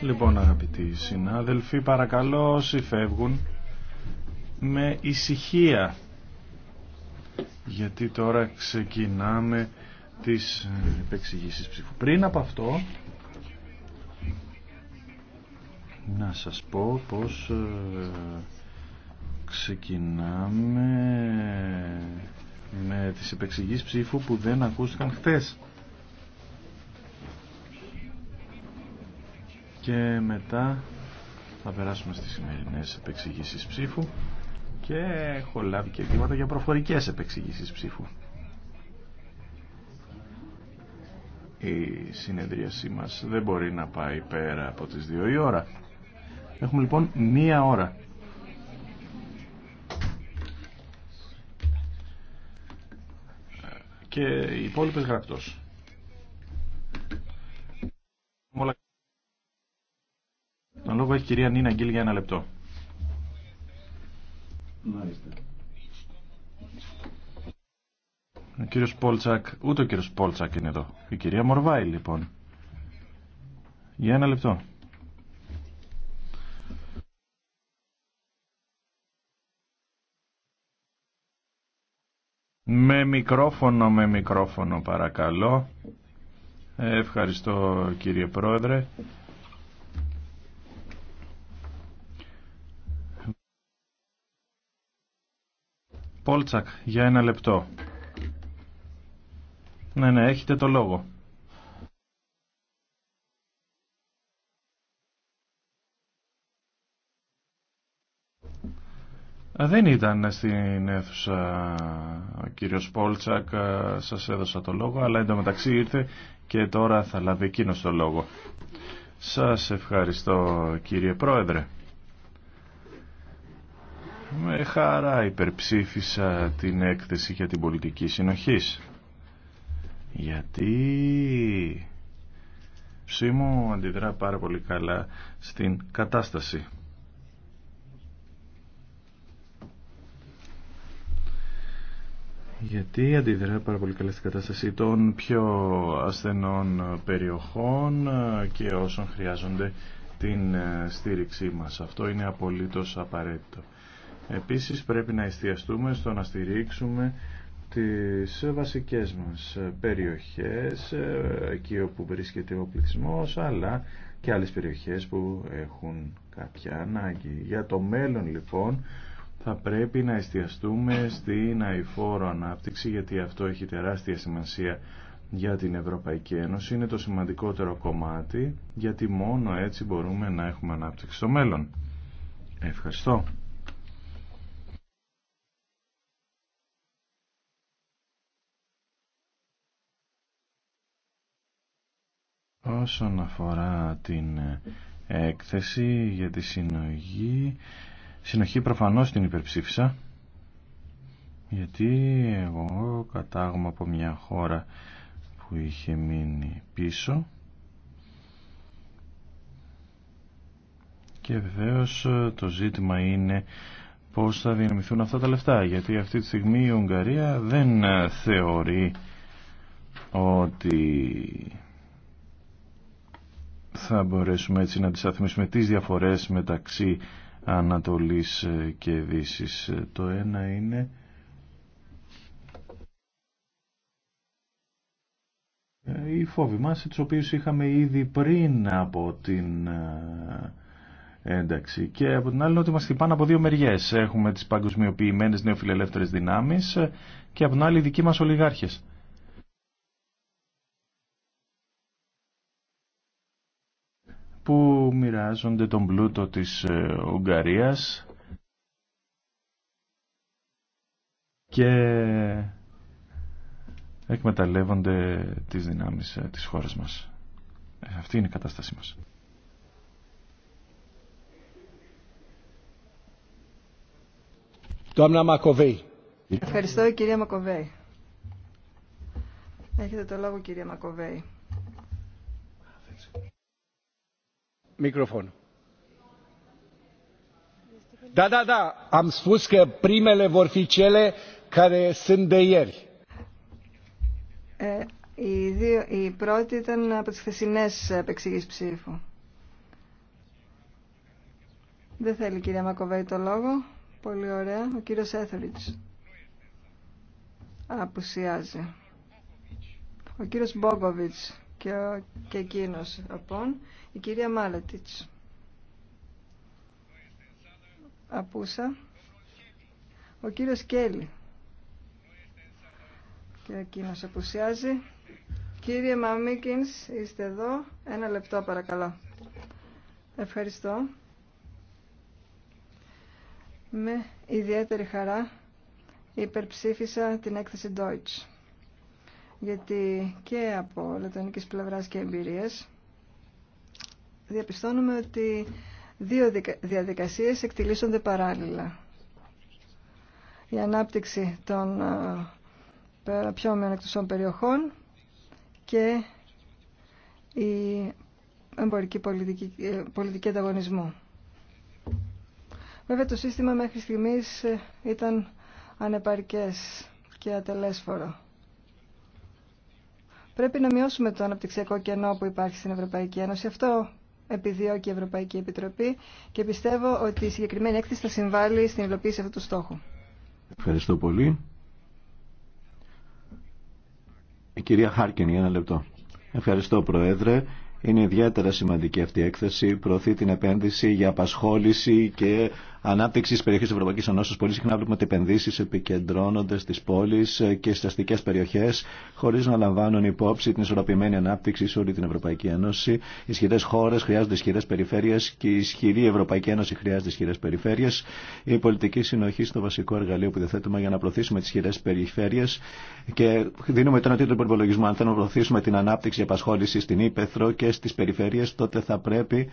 Λοιπόν, αγαπητοί συνάδελφοι, παρακαλώ όσοι φεύγουν με ησυχία. Γιατί τώρα ξεκινάμε τις ε, επεξηγήσεις ψήφου. Πριν από αυτό, να σας πω πως ε, ξεκινάμε με τις επεξηγήσεις ψήφου που δεν ακούστηκαν χθες και μετά θα περάσουμε στις σημερινές επεξηγήσεις ψήφου και έχω λάβει και αιτήματα για προφορικές επεξηγήσεις ψήφου. Η συνεδρίασή μας δεν μπορεί να πάει πέρα από τις δύο η ώρα. Έχουμε λοιπόν μία ώρα. Και οι υπόλοιπες γραπτός. έχει κυρία Νίνα Γκίλ για ένα λεπτό. Ο κύριος Πόλτσακ, ούτε ο κύριος Πόλτσακ είναι εδώ. Η κυρία Μορβάη λοιπόν. Για ένα λεπτό. Με μικρόφωνο, με μικρόφωνο παρακαλώ. Ε, ευχαριστώ κύριε Πρόεδρε. Πόλτσακ, για ένα λεπτό. Ναι, ναι, έχετε το λόγο. Ε, δεν ήταν στην αίθουσα ο κύριος Πόλτσακ, ε, σας έδωσα το λόγο, αλλά εντωμεταξύ ήρθε και τώρα θα λάβει εκείνος το λόγο. Σας ευχαριστώ κύριε Πρόεδρε. Με χαρά υπερψήφισα την έκθεση για την πολιτική συνοχής. Γιατί ψήμου αντιδρά πάρα πολύ καλά στην κατάσταση. Γιατί αντιδρά πάρα πολύ καλά στην κατάσταση των πιο ασθενών περιοχών και όσων χρειάζονται την στήριξή μας. Αυτό είναι απολύτως απαραίτητο. Επίσης πρέπει να εστιαστούμε στο να στηρίξουμε τις βασικές μας περιοχές, ε, εκεί όπου βρίσκεται ο πληθυσμός, αλλά και άλλες περιοχές που έχουν κάποια ανάγκη. Για το μέλλον λοιπόν θα πρέπει να εστιαστούμε στην αηφόρο ανάπτυξη, γιατί αυτό έχει τεράστια σημασία για την Ευρωπαϊκή Ένωση, είναι το σημαντικότερο κομμάτι, γιατί μόνο έτσι μπορούμε να έχουμε ανάπτυξη στο μέλλον. Ευχαριστώ. Όσον αφορά την ε, έκθεση για τη συνοχή, συνοχή προφανώς την υπερψήφισα, γιατί εγώ κατάγομαι από μια χώρα που είχε μείνει πίσω και βεβαίω ε, το ζήτημα είναι πώς θα δυναμηθούν αυτά τα λεφτά, γιατί αυτή τη στιγμή η Ουγγαρία δεν ε, θεωρεί ότι θα μπορέσουμε έτσι να αντισταθμίσουμε τις διαφορές μεταξύ Ανατολής και Δύσης. Το ένα είναι... Οι φόβοι μας, τους οποίους είχαμε ήδη πριν από την ε, ένταξη. Και από την άλλη ότι μας χτυπάνε από δύο μεριές. Έχουμε τις παγκοσμιοποιημένες νεοφιλελεύθερες δυνάμεις και από την άλλη οι δικοί μας ολιγάρχες. που μοιράζονται τον πλούτο της ε, Ουγγαρίας και εκμεταλλεύονται τις δυνάμεις ε, της χώρας μας. Ε, αυτή είναι η κατάστασή μας. Ευχαριστώ κυρία Μακοβέη. Έχετε το λόγο κυρία Μακοβέη. microfon. Da, da, da, am spus că primele vor fi cele care sunt de ieri. Ε, η, δύο, η πρώτη ήταν από τις χθεσινές επεξηγήσεις ψήφου. Δεν θέλει η κυρία Μακοβέη το λόγο. Πολύ ωραία. Ο κύριος Έθωριτς απουσιάζει. Ο κύριος Μπόγκοβιτς και και εκείνο απόν. Η κυρία Μάλετιτ. Απούσα. Ο κύριος Κέλλη. Και εκείνος απουσιάζει. Κύριε Μαμίκινς, είστε εδώ. Ένα λεπτό παρακαλώ. Ευχαριστώ. Με ιδιαίτερη χαρά υπερψήφισα την έκθεση Deutsch γιατί και από λατωνικής πλευράς και εμπειρίες διαπιστώνουμε ότι δύο διαδικασίες εκτιλήσονται παράλληλα. Η ανάπτυξη των ε, πιο μειονεκτουσών περιοχών και η εμπορική πολιτική, ε, πολιτική ανταγωνισμού. Βέβαια το σύστημα μέχρι στιγμής ε, ήταν ανεπαρκές και ατελέσφορο. Πρέπει να μειώσουμε το αναπτυξιακό κενό που υπάρχει στην Ευρωπαϊκή Ένωση. Αυτό επιδιώκει η Ευρωπαϊκή Επιτροπή και πιστεύω ότι η συγκεκριμένη έκθεση θα συμβάλλει στην υλοποίηση αυτού του στόχου. Ευχαριστώ πολύ. Η κυρία Χάρκιν, για ένα λεπτό. Ευχαριστώ, Προέδρε. Είναι ιδιαίτερα σημαντική αυτή η έκθεση. Προωθεί την επένδυση για απασχόληση και ανάπτυξη τη περιοχή τη Ευρωπαϊκή Ενώση. πολύ συχνά βλέπουμε ότι επενδύσει επικεντρώνονται στι πόλει ε, και στι αστικέ περιοχέ, χωρί να λαμβάνουν υπόψη την ισορροπημένη ανάπτυξη σε όλη την Ευρωπαϊκή Ένωση. Ισχυρέ χώρε χρειάζονται ισχυρέ περιφέρειε και η ισχυρή Ευρωπαϊκή Ένωση χρειάζεται ισχυρέ περιφέρειε. Η πολιτική συνοχή στο βασικό εργαλείο που διαθέτουμε για να προωθήσουμε τι ισχυρέ περιφέρειε και δίνουμε τώρα τίτλο υπολογισμού. Αν θέλουμε να προωθήσουμε την ανάπτυξη απασχόληση στην Ήπεθρο και στι περιφέρειε, τότε θα πρέπει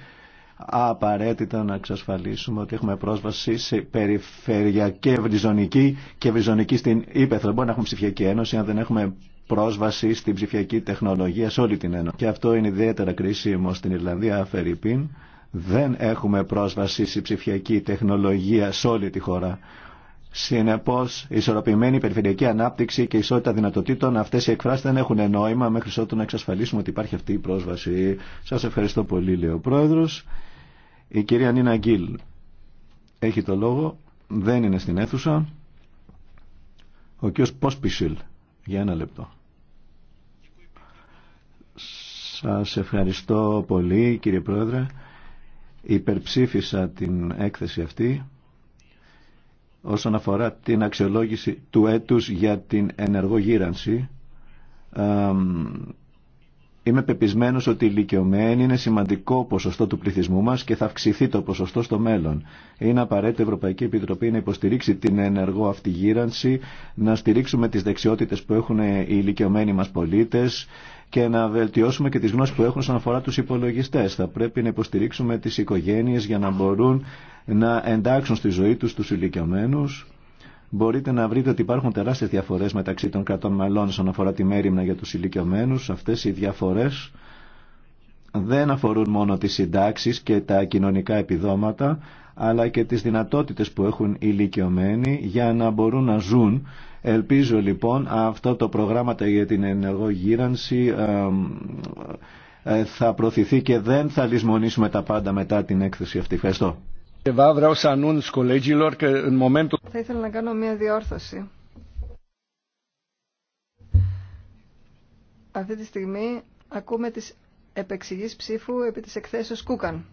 απαραίτητα να εξασφαλίσουμε ότι έχουμε πρόσβαση σε περιφερειακή ευρυζωνική και ευρυζωνική στην Ήπεθρο. Μπορεί να έχουμε ψηφιακή ένωση αν δεν έχουμε πρόσβαση στην ψηφιακή τεχνολογία σε όλη την ένωση. Και αυτό είναι ιδιαίτερα κρίσιμο στην Ιρλανδία, Φερρυπίν. Δεν έχουμε πρόσβαση στη ψηφιακή τεχνολογία σε όλη τη χώρα. Συνεπώ, η ισορροπημένη περιφερειακή ανάπτυξη και η ισότητα δυνατοτήτων, αυτέ οι εκφράσει δεν έχουν νόημα μέχρι ότου να εξασφαλίσουμε ότι υπάρχει αυτή η πρόσβαση. Σα ευχαριστώ πολύ, λέει ο Πρόεδρο. Η κυρία Νίνα Γκίλ έχει το λόγο, δεν είναι στην αίθουσα. Ο κύριος Πόσπισιλ, για ένα λεπτό. Σας ευχαριστώ πολύ κύριε Πρόεδρε. Υπερψήφισα την έκθεση αυτή όσον αφορά την αξιολόγηση του έτους για την ενεργογύρανση Είμαι πεπισμένος ότι οι ηλικιωμένοι είναι σημαντικό ποσοστό του πληθυσμού μα και θα αυξηθεί το ποσοστό στο μέλλον. Είναι απαραίτητο η Ευρωπαϊκή Επιτροπή να υποστηρίξει την ενεργό αυτή γύρανση, να στηρίξουμε τι δεξιότητε που έχουν οι ηλικιωμένοι μα πολίτε και να βελτιώσουμε και τι γνώσει που έχουν σαν αφορά του υπολογιστέ. Θα πρέπει να υποστηρίξουμε τι οικογένειε για να μπορούν να εντάξουν στη ζωή του του ηλικιωμένου μπορείτε να βρείτε ότι υπάρχουν τεράστιες διαφορές μεταξύ των κρατών μελών όσον αφορά τη μέρημνα για τους ηλικιωμένους. Αυτές οι διαφορές δεν αφορούν μόνο τι συντάξει και τα κοινωνικά επιδόματα, αλλά και τις δυνατότητες που έχουν οι ηλικιωμένοι για να μπορούν να ζουν. Ελπίζω λοιπόν αυτό το πρόγραμμα για την ενεργογύρανση ε, θα προωθηθεί και δεν θα λησμονήσουμε τα πάντα μετά την έκθεση αυτή. Ευχαριστώ. Θα ήθελα να κάνω μια διόρθωση. Αυτή τη στιγμή ακούμε τις επεξηγείς ψήφου επί της εκθέσεως Κούκαν,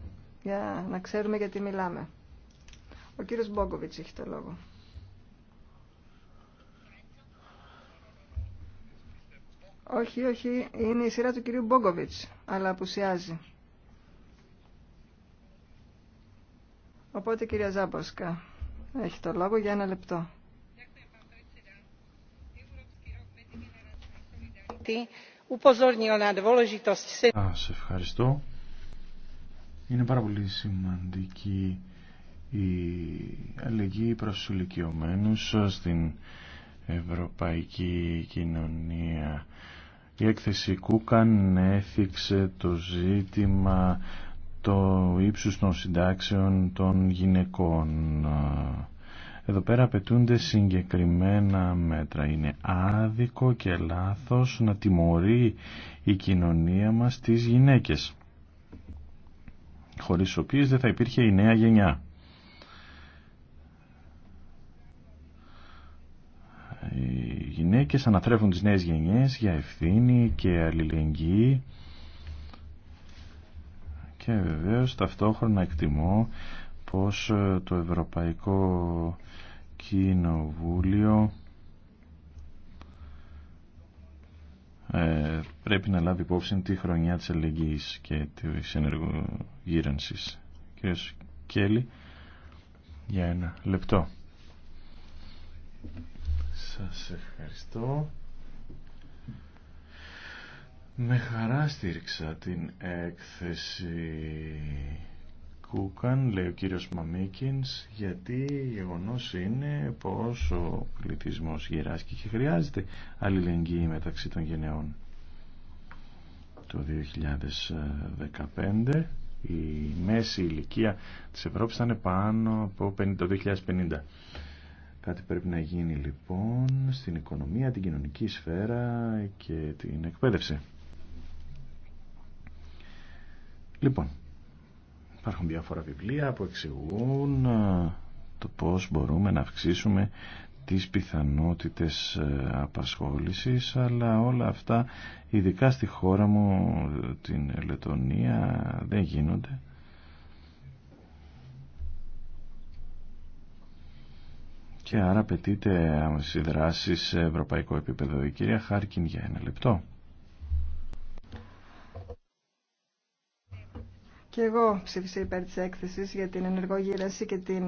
για να ξέρουμε γιατί μιλάμε. Ο κύριος Μπόγκοβιτς έχει το λόγο. Όχι, όχι, είναι η σειρά του κυρίου Μπόγκοβιτς, αλλά απουσιάζει. Οπότε κυρία Ζάμπορσκα, έχει το λόγο για ένα λεπτό. Σας ευχαριστώ. Είναι πάρα πολύ σημαντική η αλληλεγγύη προς τους στην ευρωπαϊκή κοινωνία. Η έκθεση Κούκαν έθιξε το ζήτημα το ύψος των συντάξεων των γυναικών. Εδώ πέρα απαιτούνται συγκεκριμένα μέτρα. Είναι άδικο και λάθος να τιμωρεί η κοινωνία μας τις γυναίκες, χωρίς οποίες δεν θα υπήρχε η νέα γενιά. Οι γυναίκες αναθρέφουν τις νέες γενιές για ευθύνη και αλληλεγγύη και βεβαίως ταυτόχρονα εκτιμώ πως ε, το Ευρωπαϊκό Κοινοβούλιο ε, πρέπει να λάβει υπόψη τη χρονιά της ελεγγύης και της ενεργογύρανσης. Κύριος Κέλλη, για ένα λεπτό. Σας ευχαριστώ. Με χαρά στήριξα την έκθεση Κούκαν, λέει ο κύριος Μαμίκινς, γιατί γεγονό είναι πως ο πληθυσμός γυράσκει και χρειάζεται αλληλεγγύη μεταξύ των γενεών. Το 2015 η μέση ηλικία της Ευρώπης ήταν πάνω από το 2050. Κάτι πρέπει να γίνει λοιπόν στην οικονομία, την κοινωνική σφαίρα και την εκπαίδευση. Λοιπόν, υπάρχουν διάφορα βιβλία που εξηγούν ε, το πώς μπορούμε να αυξήσουμε τις πιθανότητες ε, απασχόλησης αλλά όλα αυτά ειδικά στη χώρα μου ε, την Λετωνία δεν γίνονται και άρα απαιτείται δράση σε ευρωπαϊκό επίπεδο η κυρία Χάρκιν για ένα λεπτό Και εγώ ψήφισα υπέρ τη έκθεση για την ενεργό και την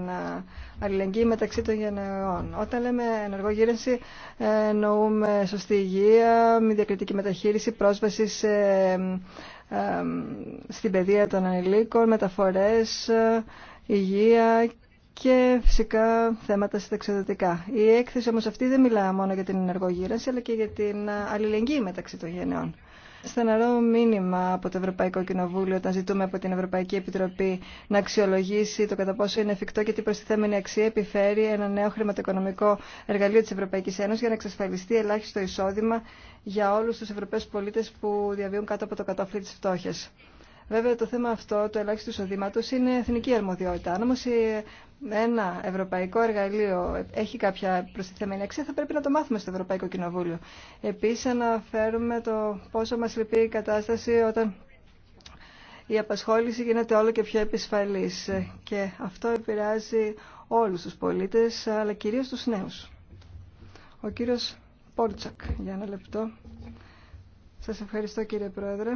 αλληλεγγύη μεταξύ των γενεών. Όταν λέμε ενεργογύραση ε, εννοούμε σωστή υγεία, μη διακριτική μεταχείριση, πρόσβαση σε, στην παιδεία των ανηλίκων, μεταφορές, ε, υγεία και φυσικά θέματα συνταξιδοτικά. Η έκθεση όμως αυτή δεν μιλά μόνο για την ενεργογύρανση αλλά και για την αλληλεγγύη μεταξύ των γενεών στεναρό μήνυμα από το Ευρωπαϊκό Κοινοβούλιο όταν ζητούμε από την Ευρωπαϊκή Επιτροπή να αξιολογήσει το κατά πόσο είναι εφικτό και τι προστιθέμενη αξία επιφέρει ένα νέο χρηματοοικονομικό εργαλείο της Ευρωπαϊκής Ένωσης για να εξασφαλιστεί ελάχιστο εισόδημα για όλους τους Ευρωπαίους πολίτες που διαβίουν κάτω από το κατόφλι της φτώχειας. Βέβαια το θέμα αυτό, το ελάχιστο εισοδήματος, είναι εθνική αρμοδιότητα. Αν όμω ένα ευρωπαϊκό εργαλείο έχει κάποια προστιθέμενη αξία, θα πρέπει να το μάθουμε στο Ευρωπαϊκό Κοινοβούλιο. Επίση, αναφέρουμε το πόσο μας λυπεί η κατάσταση όταν η απασχόληση γίνεται όλο και πιο επισφαλής και αυτό επηρεάζει όλους τους πολίτες, αλλά κυρίως τους νέους. Ο κύριος Πόρτσακ, για ένα λεπτό. Σας ευχαριστώ κύριε Πρόεδρε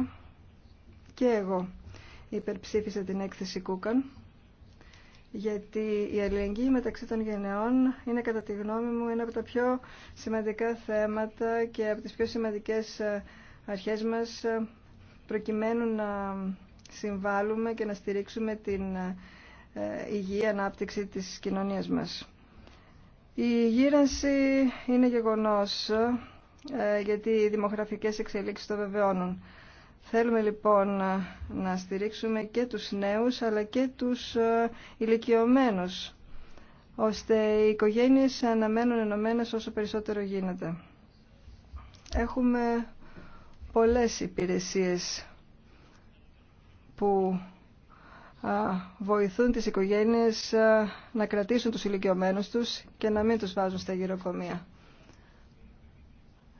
και εγώ υπερψήφισα την έκθεση Κούκαν γιατί η αλληλεγγύη μεταξύ των γενεών είναι κατά τη γνώμη μου ένα από τα πιο σημαντικά θέματα και από τις πιο σημαντικές ε, αρχές μας ε, προκειμένου να συμβάλλουμε και να στηρίξουμε την ε, υγιή ανάπτυξη της κοινωνίας μας. Η γύρανση είναι γεγονός γιατί οι δημογραφικές εξελίξεις το βεβαιώνουν. Θέλουμε λοιπόν να στηρίξουμε και τους νέους αλλά και τους ε, ηλικιωμένους ώστε οι οικογένειες μένουν ενωμένε όσο περισσότερο γίνεται. Έχουμε πολλές υπηρεσίες που βοηθούν τις οικογένειες ε, να κρατήσουν τους ηλικιωμένους τους και να μην τους βάζουν στα γυροκομεία.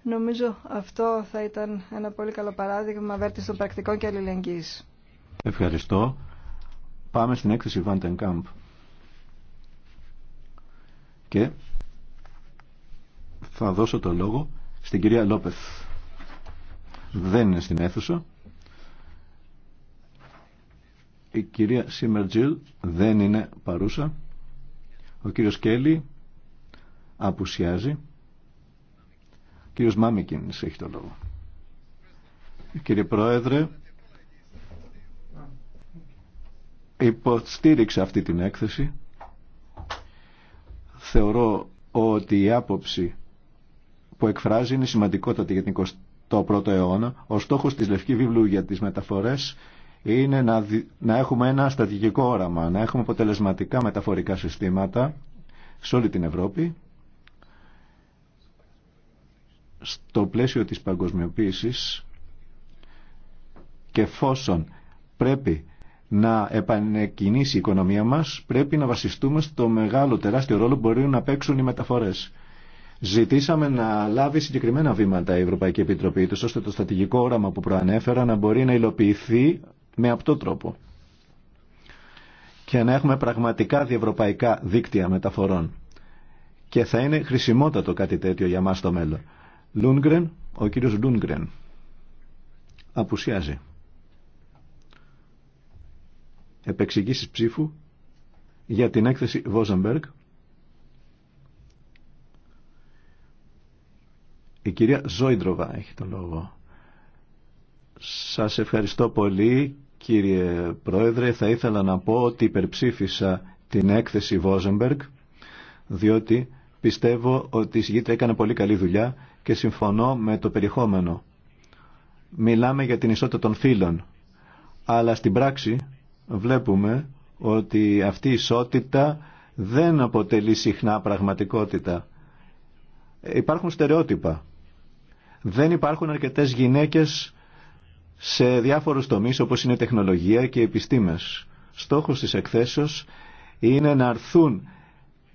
Νομίζω αυτό θα ήταν ένα πολύ καλό παράδειγμα βέρτιση των πρακτικών και αλληλεγγύης. Ευχαριστώ. Πάμε στην έκθεση κάμπ. Και θα δώσω το λόγο στην κυρία Λόπεθ. Δεν είναι στην αίθουσα. Η κυρία Σίμερτζιλ δεν είναι παρούσα. Ο κύριος Κέλλη απουσιάζει. Κύριος Μάμικινς έχει το λόγο. Κύριε Πρόεδρε, υποστήριξα αυτή την έκθεση. Θεωρώ ότι η άποψη που εκφράζει είναι σημαντικότατη για την 21ο αιώνα. Ο στόχος της Λευκή Βιβλού για τις μεταφορές είναι να, να έχουμε ένα στρατηγικό όραμα, να έχουμε αποτελεσματικά μεταφορικά συστήματα σε όλη την Ευρώπη στο πλαίσιο της παγκοσμιοποίησης και εφόσον πρέπει να επανεκκινήσει η οικονομία μας, πρέπει να βασιστούμε στο μεγάλο τεράστιο ρόλο που μπορεί να παίξουν οι μεταφορές. Ζητήσαμε να λάβει συγκεκριμένα βήματα η Ευρωπαϊκή Επιτροπή, τους, ώστε το στατηγικό όραμα που προανέφερα να μπορεί να υλοποιηθεί με αυτό τρόπο και να έχουμε πραγματικά διευρωπαϊκά δίκτυα μεταφορών. Και θα είναι χρησιμότατο κάτι τέτοιο για μας στο μέλλον. Λούνγκρεν, ο κύριος Λούνγκρεν απουσιάζει. Επεξηγήσεις ψήφου για την έκθεση Βόζενμπεργκ. Η κυρία Ζόιντροβα έχει τον λόγο. Σας ευχαριστώ πολύ κύριε Πρόεδρε. Θα ήθελα να πω ότι υπερψήφισα την έκθεση Βόζενμπεργκ διότι πιστεύω ότι η συγγήτρια έκανε πολύ καλή δουλειά και συμφωνώ με το περιεχόμενο. Μιλάμε για την ισότητα των φύλων, αλλά στην πράξη βλέπουμε ότι αυτή η ισότητα δεν αποτελεί συχνά πραγματικότητα. Υπάρχουν στερεότυπα. Δεν υπάρχουν αρκετές γυναίκες σε διάφορους τομείς όπως είναι τεχνολογία και οι επιστήμες. Στόχος της εκθέσεως είναι να αρθούν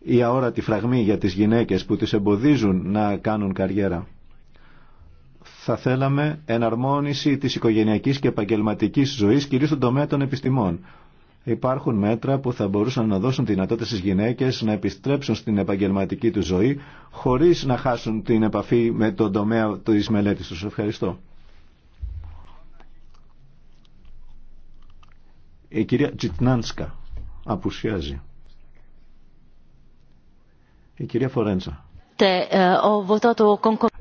η αόρατη φραγμή για τις γυναίκες που τις εμποδίζουν να κάνουν καριέρα. Θα θέλαμε εναρμόνιση της οικογενειακής και επαγγελματικής ζωής, κυρίως στον τομέα των επιστημών. Υπάρχουν μέτρα που θα μπορούσαν να δώσουν δυνατότητα στις γυναίκες να επιστρέψουν στην επαγγελματική του ζωή χωρίς να χάσουν την επαφή με τον τομέα της μελέτης τους. Ευχαριστώ. Η κυρία Τζιτνάνσκα απουσιάζει. Η κυρία Φορέντσα. Ε,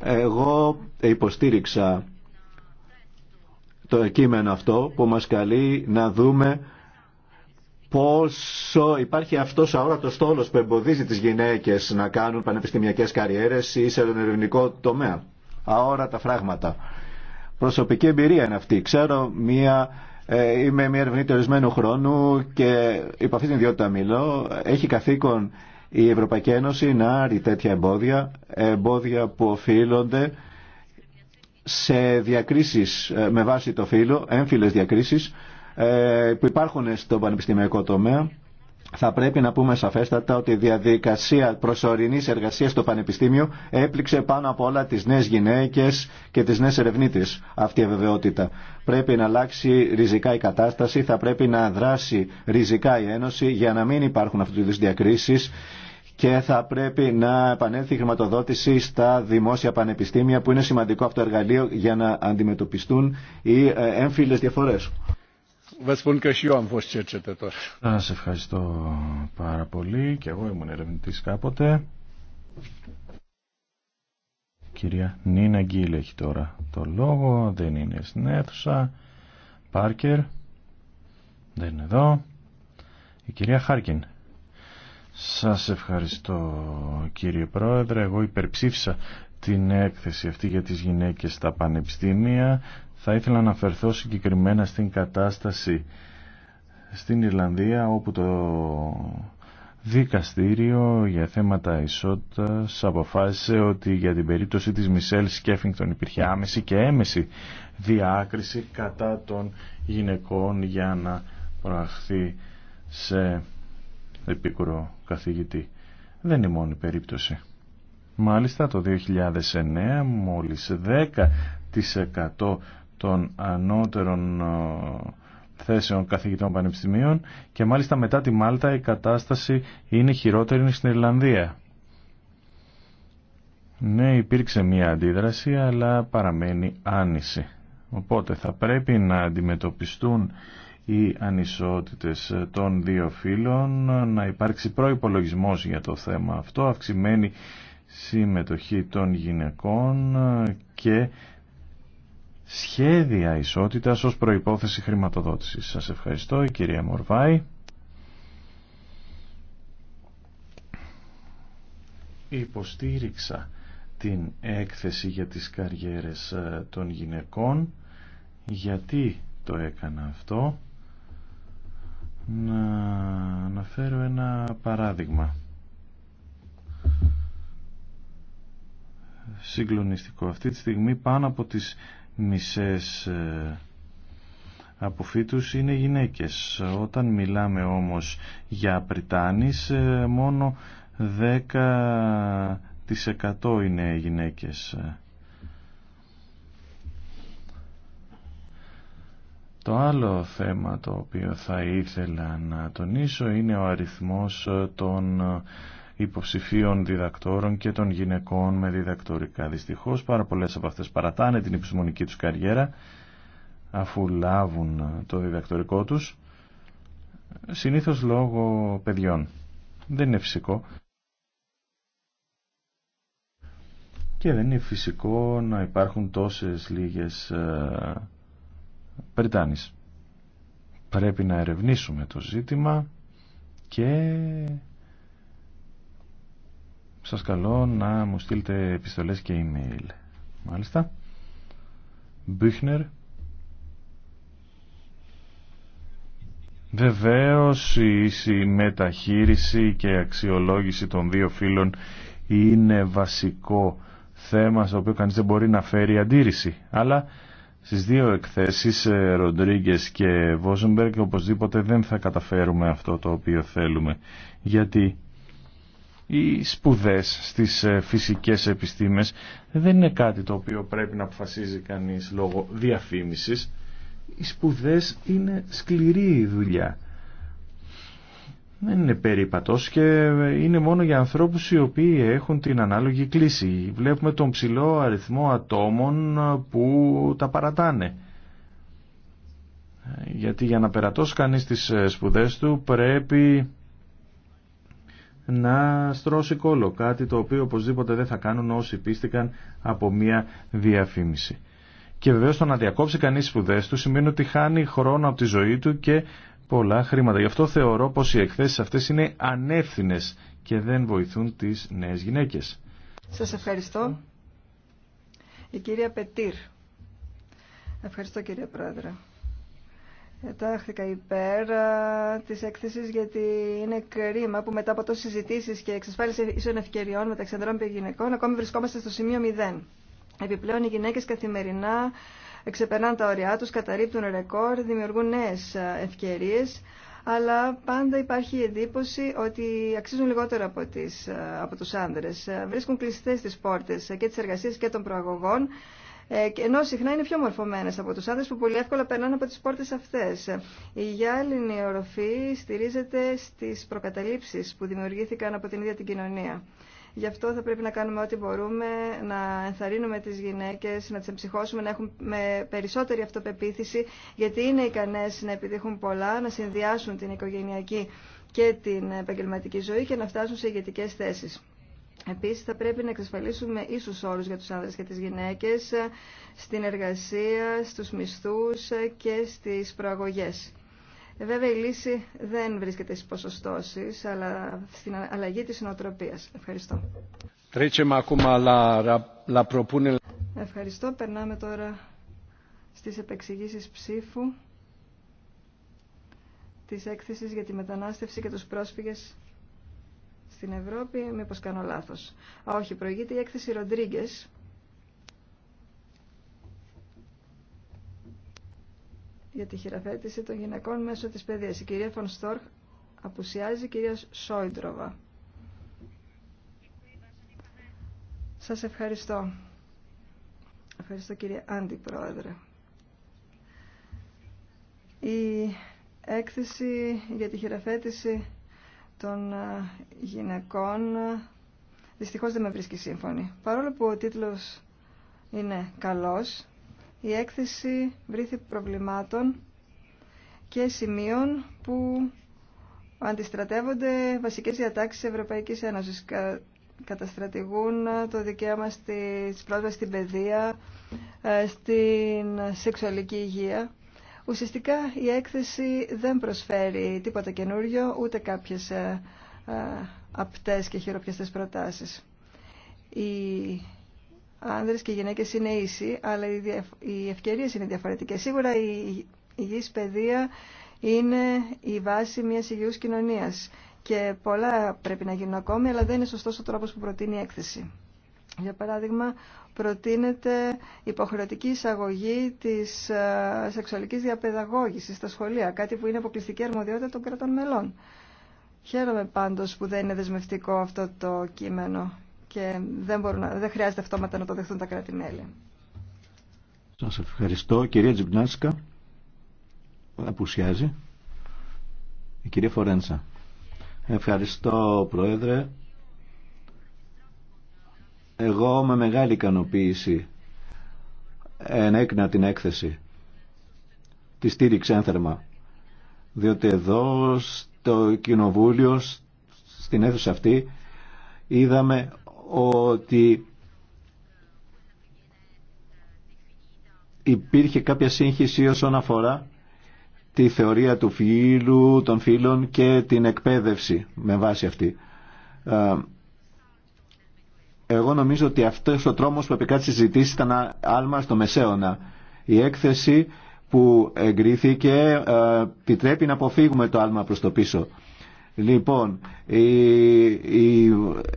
Εγώ υποστήριξα το κείμενο αυτό που μας καλεί να δούμε πόσο υπάρχει αυτός ο αόρατος στόλος που εμποδίζει τις γυναίκες να κάνουν πανεπιστημιακές καριέρες ή σε τον ερευνητικό τομέα. Αόρατα φράγματα. Προσωπική εμπειρία είναι αυτή. Ξέρω μία ε, είμαι μια ερευνήτρια ερευνητη ορισμενου χρόνου και υπό αυτή την ιδιότητα μιλώ. Έχει καθήκον η Ευρωπαϊκή Ένωση να άρει τέτοια εμπόδια, εμπόδια που οφείλονται σε διακρίσεις ε, με βάση το φύλλο, έμφυλες διακρίσεις ε, που υπάρχουν στον πανεπιστημιακό τομέα θα πρέπει να πούμε σαφέστατα ότι η διαδικασία προσωρινής εργασίας στο Πανεπιστήμιο έπληξε πάνω από όλα τις νέες γυναίκες και τις νέες ερευνήτες αυτή η αβεβαιότητα. Πρέπει να αλλάξει ριζικά η κατάσταση, θα πρέπει να δράσει ριζικά η Ένωση για να μην υπάρχουν αυτού του διακρίσεις και θα πρέπει να επανέλθει η χρηματοδότηση στα δημόσια πανεπιστήμια που είναι σημαντικό αυτό το εργαλείο για να αντιμετωπιστούν οι ε, έμφυλες διαφορές. Σα σε ευχαριστώ πάρα πολύ και εγώ ήμουν ερευνητή κάποτε. Κυρία Νίνα Γκίλ έχει τώρα το λόγο, δεν είναι στην αίθουσα. Πάρκερ, δεν είναι εδώ. Η κυρία Χάρκιν. Σας ευχαριστώ κύριε Πρόεδρε, εγώ υπερψήφισα την έκθεση αυτή για τις γυναίκες στα πανεπιστήμια θα ήθελα να αναφερθώ συγκεκριμένα στην κατάσταση στην Ιρλανδία όπου το δικαστήριο για θέματα ισότητας αποφάσισε ότι για την περίπτωση της Μισελ Σκέφινγκτον υπήρχε άμεση και έμεση διάκριση κατά των γυναικών για να προαχθεί σε επίκουρο καθηγητή. Δεν είναι η μόνη περίπτωση. Μάλιστα το 2009 μόλις 10% των ανώτερων ε, θέσεων καθηγητών πανεπιστημίων και μάλιστα μετά τη Μάλτα η κατάσταση είναι χειρότερη στην Ιρλανδία. Ναι, υπήρξε μία αντίδραση, αλλά παραμένει άνηση. Οπότε θα πρέπει να αντιμετωπιστούν οι ανισότητες των δύο φύλων, να υπάρξει προϋπολογισμός για το θέμα αυτό, αυξημένη συμμετοχή των γυναικών και σχέδια ισότητας ως προϋπόθεση χρηματοδότησης. Σας ευχαριστώ η κυρία Μορβάη. Υποστήριξα την έκθεση για τις καριέρες ε, των γυναικών. Γιατί το έκανα αυτό. Να αναφέρω ένα παράδειγμα. Συγκλονιστικό. Αυτή τη στιγμή πάνω από τις μισές ε, από είναι γυναίκες. Όταν μιλάμε όμως για Πριτάνης, ε, μόνο 10% είναι γυναίκες. Το άλλο θέμα το οποίο θα ήθελα να τονίσω είναι ο αριθμός των υποψηφίων διδακτόρων και των γυναικών με διδακτορικά. Δυστυχώς πάρα πολλές από αυτές παρατάνε την επιστημονική τους καριέρα αφού λάβουν το διδακτορικό τους, συνήθως λόγω παιδιών. Δεν είναι φυσικό. Και δεν είναι φυσικό να υπάρχουν τόσες λίγες ε, Περιτάνεις. Πρέπει να ερευνήσουμε το ζήτημα και σας καλώ να μου στείλετε επιστολές και email. Μάλιστα. Μπίχνερ. Βεβαίως η ίση μεταχείριση και αξιολόγηση των δύο φύλων είναι βασικό θέμα στο οποίο κανείς δεν μπορεί να φέρει αντίρρηση. Αλλά στις δύο εκθέσεις, ε, Ροντρίγκε και Βόζενμπεργκ, οπωσδήποτε δεν θα καταφέρουμε αυτό το οποίο θέλουμε. Γιατί οι σπουδές στις ε, φυσικές επιστήμες δεν είναι κάτι το οποίο πρέπει να αποφασίζει κανείς λόγω διαφήμισης. Οι σπουδές είναι σκληρή δουλειά. Δεν είναι περίπατος και ε, είναι μόνο για ανθρώπους οι οποίοι έχουν την ανάλογη κλίση. Βλέπουμε τον ψηλό αριθμό ατόμων ε, που τα παρατάνε. Γιατί για να περατώσει κανείς τις σπουδές του πρέπει να στρώσει κόλλο, κάτι το οποίο οπωσδήποτε δεν θα κάνουν όσοι πίστηκαν από μια διαφήμιση. Και βεβαίως το να διακόψει κανείς σπουδέ του σημαίνει ότι χάνει χρόνο από τη ζωή του και πολλά χρήματα. Γι' αυτό θεωρώ πως οι εκθέσεις αυτές είναι ανεύθυνες και δεν βοηθούν τις νέες γυναίκες. Σας ευχαριστώ. Η κυρία Πετήρ. Ευχαριστώ κύριε Πρόεδρε. Εντάχθηκα υπέρ τη ε, της έκθεσης γιατί είναι κρίμα που μετά από τόσες συζητήσεις και εξασφάλιση ίσων ευκαιριών μεταξύ ανδρών και γυναικών ακόμη βρισκόμαστε στο σημείο 0. Επιπλέον οι γυναίκες καθημερινά ξεπερνάνε τα όρια τους, καταρρύπτουν ρεκόρ, δημιουργούν νέες ε, ευκαιρίες αλλά πάντα υπάρχει η εντύπωση ότι αξίζουν λιγότερο από, ε, από τους άνδρες. Βρίσκουν κλειστές τις πόρτες και της εργασίας και των προαγωγών ε, ενώ συχνά είναι πιο μορφωμένε από του άντρε που πολύ εύκολα περνάνε από τι πόρτε αυτέ. Η γυάλινη οροφή στηρίζεται στι προκαταλήψει που δημιουργήθηκαν από την ίδια την κοινωνία. Γι' αυτό θα πρέπει να κάνουμε ό,τι μπορούμε, να ενθαρρύνουμε τι γυναίκε, να τι εμψυχώσουμε, να έχουν περισσότερη αυτοπεποίθηση, γιατί είναι ικανέ να επιτύχουν πολλά, να συνδυάσουν την οικογενειακή και την επαγγελματική ζωή και να φτάσουν σε ηγετικέ θέσει. Επίσης θα πρέπει να εξασφαλίσουμε ίσους όρους για τους άνδρες και τις γυναίκες στην εργασία, στους μισθούς και στις προαγωγές. Ε, βέβαια η λύση δεν βρίσκεται στις ποσοστώσεις, αλλά στην αλλαγή της νοοτροπίας. Ευχαριστώ. Ευχαριστώ. Περνάμε τώρα στις επεξηγήσεις ψήφου της έκθεσης για τη μετανάστευση και τους πρόσφυγες στην Ευρώπη, μήπως κάνω λάθος. Α, όχι, προηγείται η έκθεση Ροντρίγκε. για τη χειραφέτηση των γυναικών μέσω της παιδείας. Η κυρία Φων Στόρχ απουσιάζει, η κυρία Σόιντροβα. Σας ευχαριστώ. Ευχαριστώ κύριε Αντιπρόεδρε. Η έκθεση για τη χειραφέτηση των ε, γυναικών ε, δυστυχώς δεν με βρίσκει σύμφωνη. Παρόλο που ο τίτλος είναι καλός, η έκθεση βρήθη προβλημάτων και σημείων που αντιστρατεύονται βασικές διατάξεις Ευρωπαϊκής Ένωσης. Καταστρατηγούν ε, το δικαίωμα στη πρόσβαση στην παιδεία, στην σεξουαλική υγεία Ουσιαστικά η έκθεση δεν προσφέρει τίποτα καινούριο, ούτε κάποιες ε, ε, απτές και χειροπιαστές προτάσεις. Οι άνδρες και οι γυναίκες είναι ίσοι, αλλά οι ευκαιρίες είναι διαφορετικές. Σίγουρα η υγιής παιδεία είναι η βάση μιας υγιούς κοινωνίας και πολλά πρέπει να γίνουν ακόμη, αλλά δεν είναι σωστός ο τρόπος που προτείνει η έκθεση. Για παράδειγμα, προτείνεται υποχρεωτική εισαγωγή της ε, σεξουαλικής διαπαιδαγώγησης στα σχολεία, κάτι που είναι αποκλειστική αρμοδιότητα των κρατών μελών. Χαίρομαι πάντως που δεν είναι δεσμευτικό αυτό το κείμενο και δεν, μπορούν, δεν χρειάζεται αυτόματα να το δεχτούν τα κράτη-μέλη. Σας ευχαριστώ. Κυρία Τζιμπνάσκα, απουσιάζει. Η κυρία Φορέντσα. Ευχαριστώ, Πρόεδρε. Εγώ με μεγάλη ικανοποίηση ενέκνα την έκθεση. Τη στήριξε ένθερμα. Διότι εδώ στο κοινοβούλιο, στην αίθουσα αυτή, είδαμε ότι υπήρχε κάποια σύγχυση όσον αφορά τη θεωρία του φίλου, των φίλων και την εκπαίδευση με βάση αυτή. Εγώ νομίζω ότι αυτό ο τρόμος που επικράτησε συζητήσει ήταν άλμα στο μεσαίωνα. Η έκθεση που εγκρίθηκε ε, επιτρέπει να αποφύγουμε το άλμα προς το πίσω. Λοιπόν, η, η,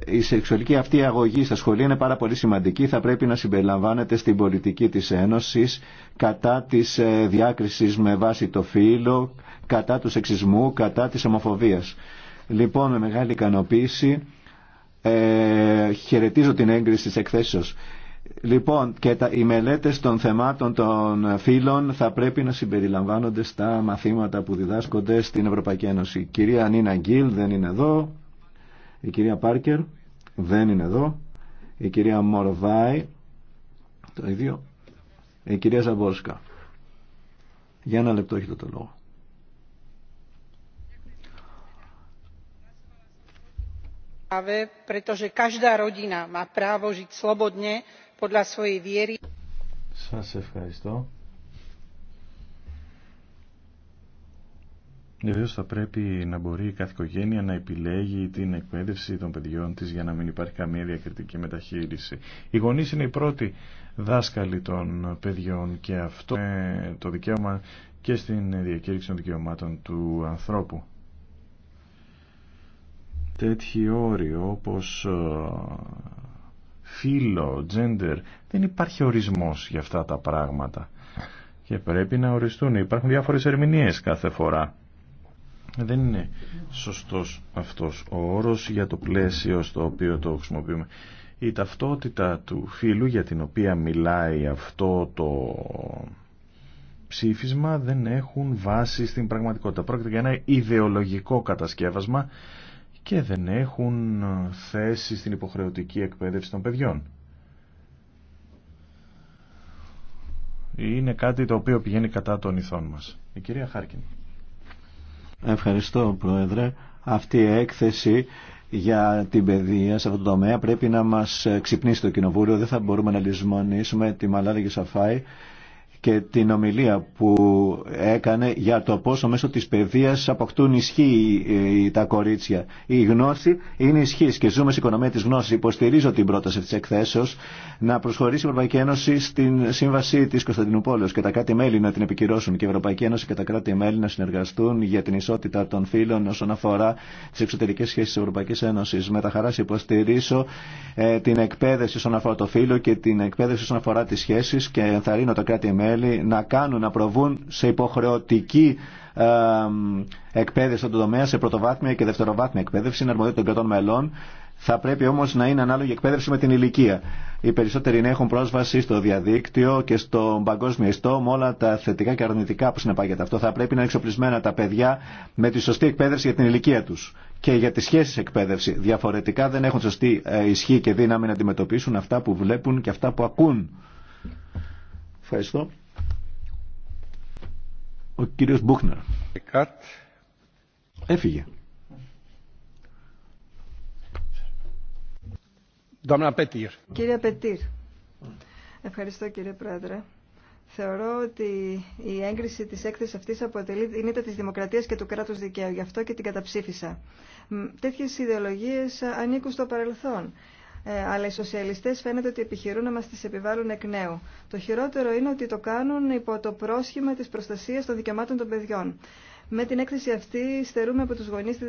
η σεξουαλική αυτή αγωγή στα σχολεία είναι πάρα πολύ σημαντική. Θα πρέπει να συμπεριλαμβάνεται στην πολιτική της Ένωσης κατά της ε, διάκρισης με βάση το φύλλο, κατά του σεξισμού, κατά της ομοφοβίας. Λοιπόν, με μεγάλη ικανοποίηση ε, χαιρετίζω την έγκριση της εκθέσεως. Λοιπόν, και τα, οι μελέτες των θεμάτων των φίλων θα πρέπει να συμπεριλαμβάνονται στα μαθήματα που διδάσκονται στην Ευρωπαϊκή Ένωση. Η κυρία Νίνα Γκίλ δεν είναι εδώ. Η κυρία Πάρκερ δεν είναι εδώ. Η κυρία Μορβάη το ίδιο. Η κυρία Ζαμπόσκα. Για ένα λεπτό έχετε το λόγο. práve Σας ευχαριστώ. Βεβαίω θα πρέπει να μπορεί η κάθε οικογένεια να επιλέγει την εκπαίδευση των παιδιών της για να μην υπάρχει καμία διακριτική μεταχείριση. Οι γονείς είναι οι πρώτοι δάσκαλοι των παιδιών και αυτό είναι το δικαίωμα και στην διακήρυξη των δικαιωμάτων του ανθρώπου τέτοιοι όροι όπως ε, φύλο, gender, δεν υπάρχει ορισμός για αυτά τα πράγματα και πρέπει να οριστούν. Υπάρχουν διάφορες ερμηνείες κάθε φορά. Δεν είναι σωστός αυτός ο όρος για το πλαίσιο στο οποίο το χρησιμοποιούμε. Η ταυτότητα του φίλου για την οποία μιλάει αυτό το ψήφισμα δεν έχουν βάση στην πραγματικότητα. Πρόκειται για ένα ιδεολογικό κατασκεύασμα και δεν έχουν ε, θέση στην υποχρεωτική εκπαίδευση των παιδιών. Είναι κάτι το οποίο πηγαίνει κατά των ηθών μας. Η κυρία Χάρκιν. Ευχαριστώ Πρόεδρε. Αυτή η έκθεση για την παιδεία σε αυτό το τομέα πρέπει να μας ξυπνήσει το Κοινοβούλιο. Δεν θα μπορούμε να λησμονήσουμε τη Μαλάδα και Σαφάη και την ομιλία που έκανε για το πόσο μέσω της παιδείας αποκτούν ισχύ τα κορίτσια. Η γνώση είναι ισχύς και ζούμε σε οικονομία της γνώσης. Υποστηρίζω την πρόταση της εκθέσεως να προσχωρήσει η Ευρωπαϊκή Ένωση στην σύμβαση της Κωνσταντινούπολης και τα κράτη-μέλη να την επικυρώσουν και η Ευρωπαϊκή Ένωση και τα κράτη-μέλη να συνεργαστούν για την ισότητα των φύλων όσον αφορά τις εξωτερικές σχέσεις της Ευρωπαϊκής Ένωσης. Με τα χαράς υποστηρίζω ε, την εκπαίδευση όσον αφορά το φύλλο και την εκπαίδευση όσον αφορά τις σχέσεις και ενθαρρύνω τα κράτη-μέλη μελη να κάνουν, να προβούν σε υποχρεωτική ε, εκπαίδευση στον τομέα, σε πρωτοβάθμια και δευτεροβάθμια εκπαίδευση, είναι αρμοδιότητα των κρατών μελών. Θα πρέπει όμως να είναι ανάλογη εκπαίδευση με την ηλικία. Οι περισσότεροι να έχουν πρόσβαση στο διαδίκτυο και στον παγκόσμιο ιστό με όλα τα θετικά και αρνητικά που συνεπάγεται αυτό. Θα πρέπει να είναι εξοπλισμένα τα παιδιά με τη σωστή εκπαίδευση για την ηλικία τους και για τις σχέσεις εκπαίδευση. Διαφορετικά δεν έχουν σωστή ε, ισχύ και δύναμη να αντιμετωπίσουν αυτά που βλέπουν και αυτά που ακούν. Ευχαριστώ. Ο κύριος Μπούχνερ. Έφυγε. Κύριε Πετήρ, ευχαριστώ κύριε Πρόεδρε. Θεωρώ ότι η έγκριση της έκθεσης αυτής αποτελεί την της δημοκρατίας και του κράτους δικαίου. Γι' αυτό και την καταψήφισα. Τέτοιες ιδεολογίες ανήκουν στο παρελθόν ε, αλλά οι σοσιαλιστέ φαίνεται ότι επιχειρούν να μα τι επιβάλλουν εκ νέου. Το χειρότερο είναι ότι το κάνουν υπό το πρόσχημα της προστασίας των δικαιωμάτων των παιδιών. Με την έκθεση αυτή στερούμε από του γονείς τη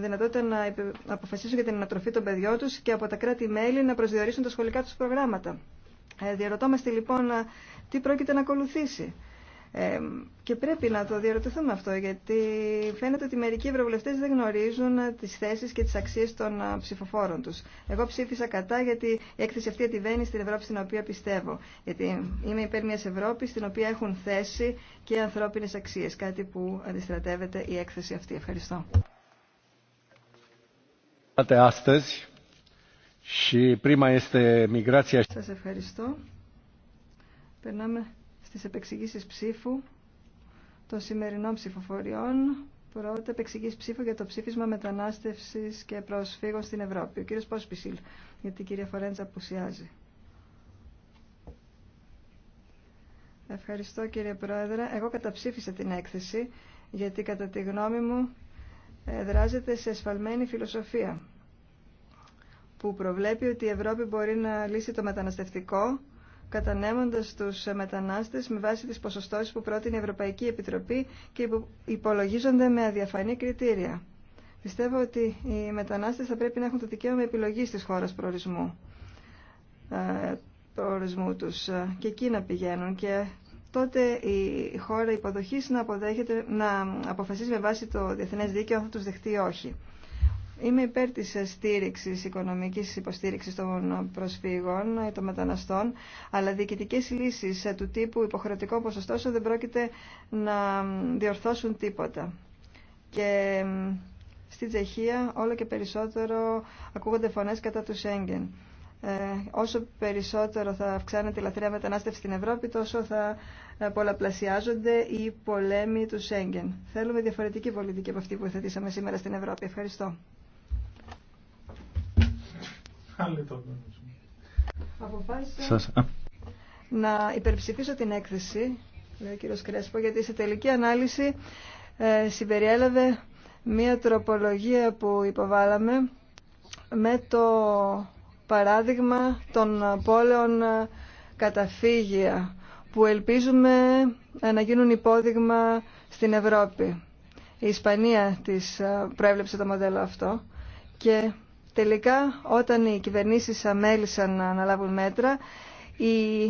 δυνατότητα να αποφασίσουν για την ανατροφή των παιδιών τους και από τα κράτη-μέλη να προσδιορίσουν τα σχολικά του προγράμματα. Ε, διαρωτόμαστε λοιπόν τι πρόκειται να ακολουθήσει και πρέπει να το διαρωτηθούμε αυτό, γιατί φαίνεται ότι μερικοί ευρωβουλευτές δεν γνωρίζουν ε, τις θέσεις και τις αξίες των ε, ψηφοφόρων τους. Εγώ ψήφισα κατά γιατί η έκθεση αυτή αντιβαίνει στην Ευρώπη στην οποία πιστεύω. Γιατί είμαι υπέρ μιας Ευρώπης στην οποία έχουν θέση και ανθρώπινες αξίες, κάτι που αντιστρατεύεται η έκθεση αυτή. Ευχαριστώ. Σας ευχαριστώ στις επεξηγήσεις ψήφου των σημερινών ψηφοφοριών. Πρώτα, επεξηγήσεις ψήφου για το ψήφισμα μετανάστευσης και προσφύγων στην Ευρώπη. Ο κύριος Πόσπισιλ, γιατί η κυρία Φορέντζα απουσιάζει. Ευχαριστώ κύριε Πρόεδρε. Εγώ καταψήφισα την έκθεση, γιατί κατά τη γνώμη μου ε, δράζεται σε εσφαλμένη φιλοσοφία που προβλέπει ότι η Ευρώπη μπορεί να λύσει το μεταναστευτικό κατανέμοντας τους μετανάστες με βάση τις ποσοστώσεις που πρότεινε η Ευρωπαϊκή Επιτροπή και που υπολογίζονται με αδιαφανή κριτήρια. Πιστεύω ότι οι μετανάστες θα πρέπει να έχουν το δικαίωμα επιλογής της χώρας προορισμού, ε, προορισμού τους ε, και εκεί να πηγαίνουν και τότε η χώρα υποδοχής να, να αποφασίζει με βάση το διεθνές δίκαιο αν θα τους δεχτεί ή όχι. Είμαι υπέρ τη στήριξης, οικονομικής υποστήριξης των προσφύγων ή ε, των μεταναστών, αλλά διοικητικέ λύσει ε, του τύπου υποχρεωτικό ποσοστό δεν πρόκειται να διορθώσουν τίποτα. Και στην Τσεχία όλο και περισσότερο ακούγονται φωνές κατά του Σέγγεν. Ε, όσο περισσότερο θα αυξάνεται η λαθρεία μετανάστευση στην Ευρώπη, τόσο θα πολλαπλασιάζονται οι πολέμοι του Σέγγεν. Θέλουμε διαφορετική πολιτική από αυτή που θετήσαμε σήμερα στην Ευρώπη. Ευχαριστώ. Αποφάσισα να υπερψηφίσω την έκθεση, λέει ο κύριος Κρέσπο, γιατί σε τελική ανάλυση ε, συμπεριέλαβε μία τροπολογία που υποβάλαμε με το παράδειγμα των πόλεων ε, καταφύγια που ελπίζουμε να γίνουν υπόδειγμα στην Ευρώπη. Η Ισπανία της ε, προέβλεψε το μοντέλο αυτό και τελικά όταν οι κυβερνήσει αμέλησαν να αναλάβουν μέτρα, οι,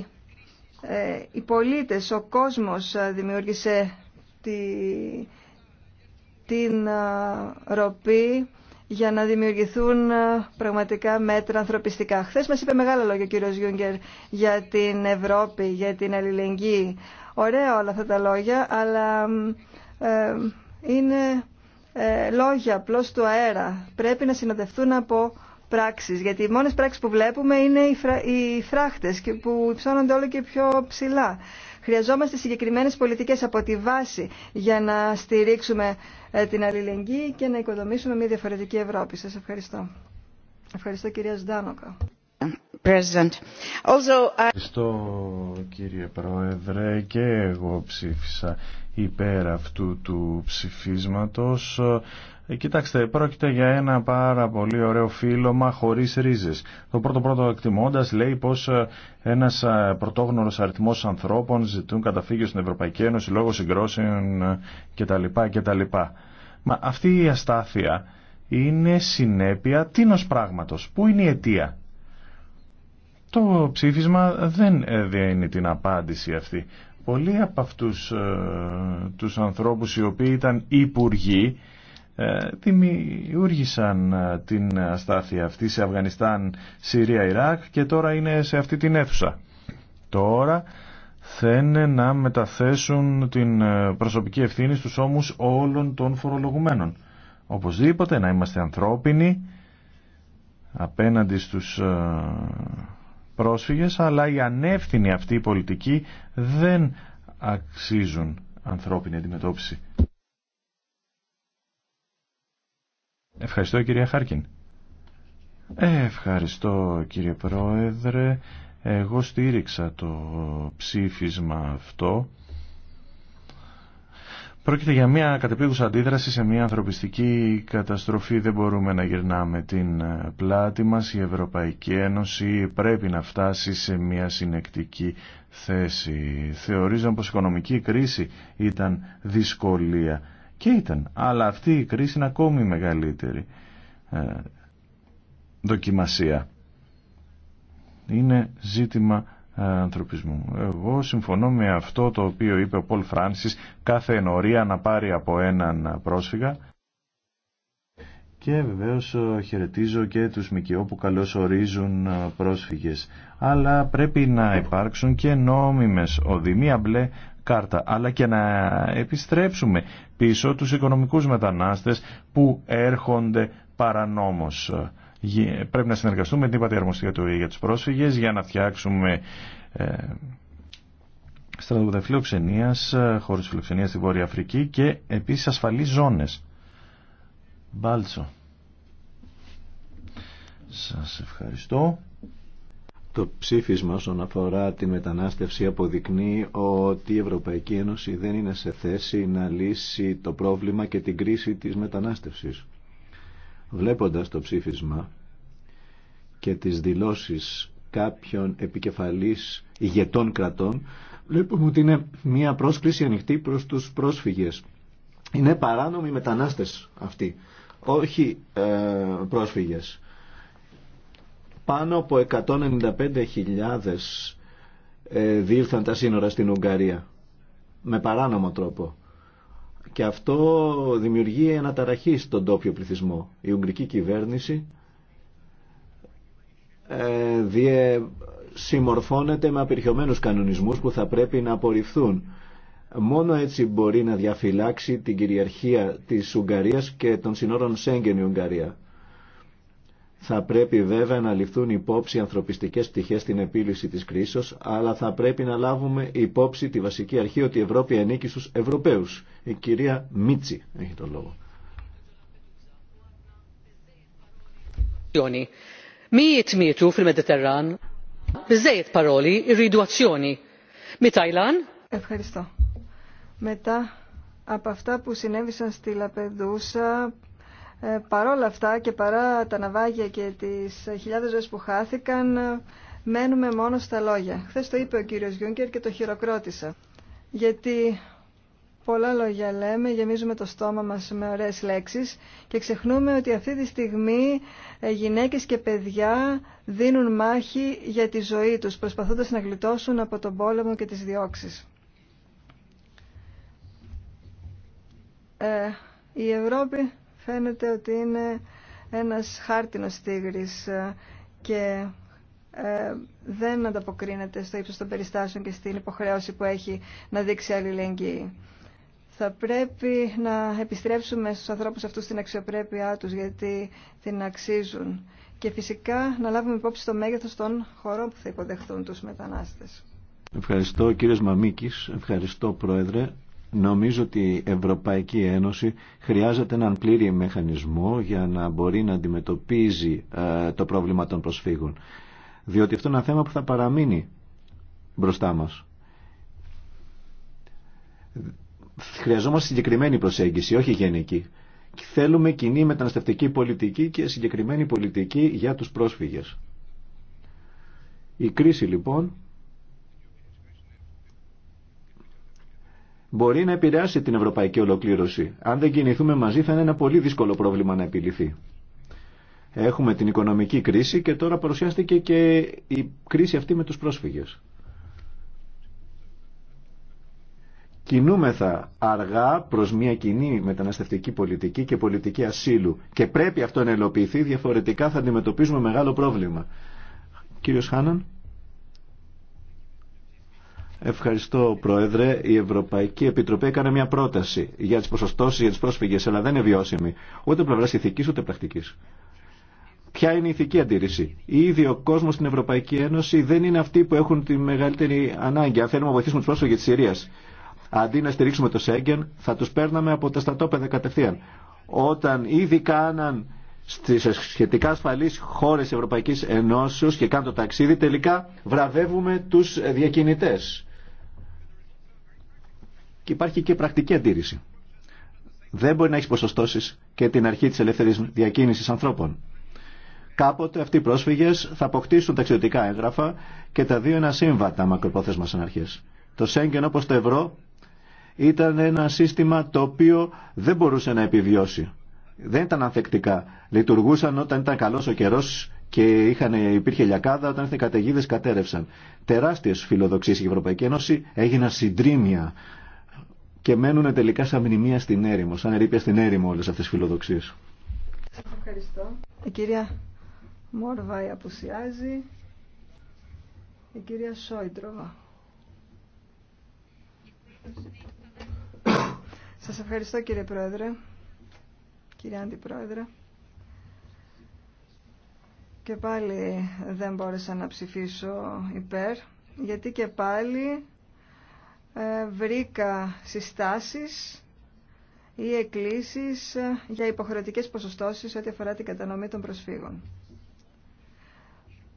ε, οι πολίτες, ο κόσμος ε, δημιούργησε τη, την ε, ροπή για να δημιουργηθούν ε, πραγματικά μέτρα ανθρωπιστικά. Χθε μας είπε μεγάλα λόγια ο κύριο Γιούγκερ για την Ευρώπη, για την αλληλεγγύη. Ωραία όλα αυτά τα λόγια, αλλά είναι ε, λόγια απλώ του αέρα. Πρέπει να συνοδευτούν από πράξεις, γιατί οι μόνες πράξεις που βλέπουμε είναι οι, φρα... φράχτες και που υψώνονται όλο και πιο ψηλά. Χρειαζόμαστε συγκεκριμένες πολιτικές από τη βάση για να στηρίξουμε ε, την αλληλεγγύη και να οικοδομήσουμε μια διαφορετική Ευρώπη. Σας ευχαριστώ. Ευχαριστώ κυρία Ζντάνοκα. Ευχαριστώ κύριε Πρόεδρε και εγώ ψήφισα υπέρ αυτού του ψηφίσματος. Ε, κοιτάξτε, πρόκειται για ένα πάρα πολύ ωραίο μα χωρίς ρίζες. Το πρώτο πρώτο εκτιμώντας λέει πως ε, ένας ε, πρωτόγνωρος αριθμός ανθρώπων ζητούν καταφύγιο στην Ευρωπαϊκή Ένωση λόγω συγκρόσεων κτλ. κτλ. Μα αυτή η αστάθεια είναι συνέπεια τίνος πράγματος. Πού είναι η αιτία. Το ψήφισμα δεν δίνει την απάντηση αυτή. Πολλοί από αυτούς ε, τους ανθρώπους οι οποίοι ήταν υπουργοί ε, δημιούργησαν ε, την αστάθεια αυτή σε Αφγανιστάν, Συρία, Ιράκ και τώρα είναι σε αυτή την αίθουσα. Τώρα θένε να μεταθέσουν την προσωπική ευθύνη στους ώμους όλων των φορολογουμένων. Οπωσδήποτε να είμαστε ανθρώπινοι απέναντι στους πρόσφυγες, αλλά η ανεύθυνοι αυτή η πολιτική δεν αξίζουν ανθρώπινη αντιμετώπιση. Ευχαριστώ κυρία Χάρκιν. Ευχαριστώ κύριε Πρόεδρε. Εγώ στήριξα το ψήφισμα αυτό Πρόκειται για μια κατεπίγουσα αντίδραση σε μια ανθρωπιστική καταστροφή. Δεν μπορούμε να γυρνάμε την ε, πλάτη μας. Η Ευρωπαϊκή Ένωση πρέπει να φτάσει σε μια συνεκτική θέση. Θεωρίζαν πως η οικονομική κρίση ήταν δυσκολία. Και ήταν. Αλλά αυτή η κρίση είναι ακόμη μεγαλύτερη ε, δοκιμασία. Είναι ζήτημα ανθρωπισμού. Εγώ συμφωνώ με αυτό το οποίο είπε ο Πολ Φράνσις κάθε ενορία να πάρει από έναν πρόσφυγα και βεβαίως ε, χαιρετίζω και τους ΜΚΟ που καλώς ορίζουν ε, πρόσφυγες. Αλλά πρέπει να υπάρξουν και νόμιμες οδημία μπλε κάρτα, αλλά και να επιστρέψουμε πίσω τους οικονομικούς μετανάστες που έρχονται παρανόμως πρέπει να συνεργαστούμε με την Αρμοστία του για τους πρόσφυγες για να φτιάξουμε ε, στρατόπεδα φιλοξενίας, χώρους φιλοξενίας στη Βόρεια Αφρική και επίσης ασφαλείς ζώνες. Μπάλτσο. Σας ευχαριστώ. Το ψήφισμα όσον αφορά τη μετανάστευση αποδεικνύει ότι η Ευρωπαϊκή Ένωση δεν είναι σε θέση να λύσει το πρόβλημα και την κρίση της μετανάστευσης. Βλέποντας το ψήφισμα και τις δηλώσεις κάποιων επικεφαλής ηγετών κρατών, βλέπουμε ότι είναι μια πρόσκληση ανοιχτή προς τους πρόσφυγες. Είναι παράνομοι μετανάστες αυτοί, όχι ε, πρόσφυγες. Πάνω από 195.000 ε, τα σύνορα στην Ουγγαρία, με παράνομο τρόπο και αυτό δημιουργεί αναταραχή στον τόπιο πληθυσμό. Η Ουγγρική κυβέρνηση ε, διε, συμμορφώνεται με απερχιωμένους κανονισμούς που θα πρέπει να απορριφθούν. Μόνο έτσι μπορεί να διαφυλάξει την κυριαρχία της Ουγγαρίας και των συνόρων Σέγγεν Ουγγαρία. Θα πρέπει βέβαια να ληφθούν υπόψη ανθρωπιστικές πτυχές στην επίλυση της κρίσης, αλλά θα πρέπει να λάβουμε υπόψη τη βασική αρχή ότι η Ευρώπη ανήκει στους Ευρωπαίους. Η κυρία Μίτσι έχει τον λόγο. Ευχαριστώ. Μετά από αυτά που συνέβησαν στη Λαπεδούσα, ε, παρόλα αυτά και παρά τα ναυάγια και τις χιλιάδες ζωές που χάθηκαν, μένουμε μόνο στα λόγια. Χθε το είπε ο κύριος Γιούγκερ και το χειροκρότησα. Γιατί πολλά λόγια λέμε, γεμίζουμε το στόμα μας με ωραίες λέξεις και ξεχνούμε ότι αυτή τη στιγμή ε, γυναίκες και παιδιά δίνουν μάχη για τη ζωή τους, προσπαθώντας να γλιτώσουν από τον πόλεμο και τις διώξεις. Ε, η Ευρώπη φαίνεται ότι είναι ένας χάρτινος τίγρης ε, και ε, δεν ανταποκρίνεται στο ύψος των περιστάσεων και στην υποχρέωση που έχει να δείξει αλληλεγγύη. Θα πρέπει να επιστρέψουμε στους ανθρώπους αυτούς την αξιοπρέπειά τους γιατί την αξίζουν και φυσικά να λάβουμε υπόψη το μέγεθος των χωρών που θα υποδεχθούν τους μετανάστες. Ευχαριστώ κύριε Μαμίκης, ευχαριστώ Πρόεδρε. Νομίζω ότι η Ευρωπαϊκή Ένωση χρειάζεται έναν πλήρη μεχανισμό για να μπορεί να αντιμετωπίζει ε, το πρόβλημα των προσφύγων. Διότι αυτό είναι ένα θέμα που θα παραμείνει μπροστά μας. Χρειαζόμαστε συγκεκριμένη προσέγγιση, όχι γενική. Θέλουμε κοινή μεταναστευτική πολιτική και συγκεκριμένη πολιτική για τους πρόσφυγες. Η κρίση λοιπόν μπορεί να επηρεάσει την ευρωπαϊκή ολοκλήρωση. Αν δεν κινηθούμε μαζί θα είναι ένα πολύ δύσκολο πρόβλημα να επιληθεί. Έχουμε την οικονομική κρίση και τώρα παρουσιάστηκε και η κρίση αυτή με τους πρόσφυγες. Κινούμεθα αργά προς μια κοινή μεταναστευτική πολιτική και πολιτική ασύλου και πρέπει αυτό να ελοποιηθεί, διαφορετικά θα αντιμετωπίζουμε μεγάλο πρόβλημα. Κύριος Χάναν. Ευχαριστώ, Πρόεδρε. Η Ευρωπαϊκή Επιτροπή έκανε μια πρόταση για τι ποσοστώσει για τι πρόσφυγε, αλλά δεν είναι βιώσιμη ούτε πλευρά ηθική ούτε πρακτική. Ποια είναι η ηθική αντίρρηση. Ήδη ο κόσμο στην Ευρωπαϊκή Ένωση δεν είναι αυτοί που έχουν τη μεγαλύτερη ανάγκη. Αν θέλουμε να βοηθήσουμε του πρόσφυγε τη Συρία, αντί να στηρίξουμε το Σέγγεν, θα του παίρναμε από τα στρατόπεδα κατευθείαν. Όταν ήδη κάναν στι σχετικά ασφαλεί χώρε Ευρωπαϊκή Ενώσεω και κάνουν το ταξίδι, τελικά βραβεύουμε του διακινητέ. Και υπάρχει και πρακτική αντίρρηση. Δεν μπορεί να έχει ποσοστώσει και την αρχή τη ελεύθερη διακίνηση ανθρώπων. Κάποτε αυτοί οι πρόσφυγε θα αποκτήσουν ταξιδιωτικά έγγραφα και τα δύο είναι ασύμβατα μακροπρόθεσμα σαν αρχέ. Το Σέγγεν όπω το ευρώ ήταν ένα σύστημα το οποίο δεν μπορούσε να επιβιώσει. Δεν ήταν ανθεκτικά. Λειτουργούσαν όταν ήταν καλό ο καιρό και είχαν, υπήρχε λιακάδα, όταν οι καταιγίδε κατέρευσαν. Τεράστιε φιλοδοξίε η Ευρωπαϊκή Ένωση έγιναν συντρίμια και μένουν τελικά σαν μνημεία στην έρημο, σαν ερήπια στην έρημο όλες αυτές τις φιλοδοξίες. Σας ευχαριστώ. Η κυρία Μόρβαη απουσιάζει. Η κυρία Σόιντροβα. Σας ευχαριστώ κύριε Πρόεδρε, κύριε Αντιπρόεδρε. Και πάλι δεν μπόρεσα να ψηφίσω υπέρ, γιατί και πάλι ε, βρήκα συστάσεις ή εκκλήσεις ε, για υποχρεωτικές ποσοστώσεις ό,τι αφορά την κατανομή των προσφύγων.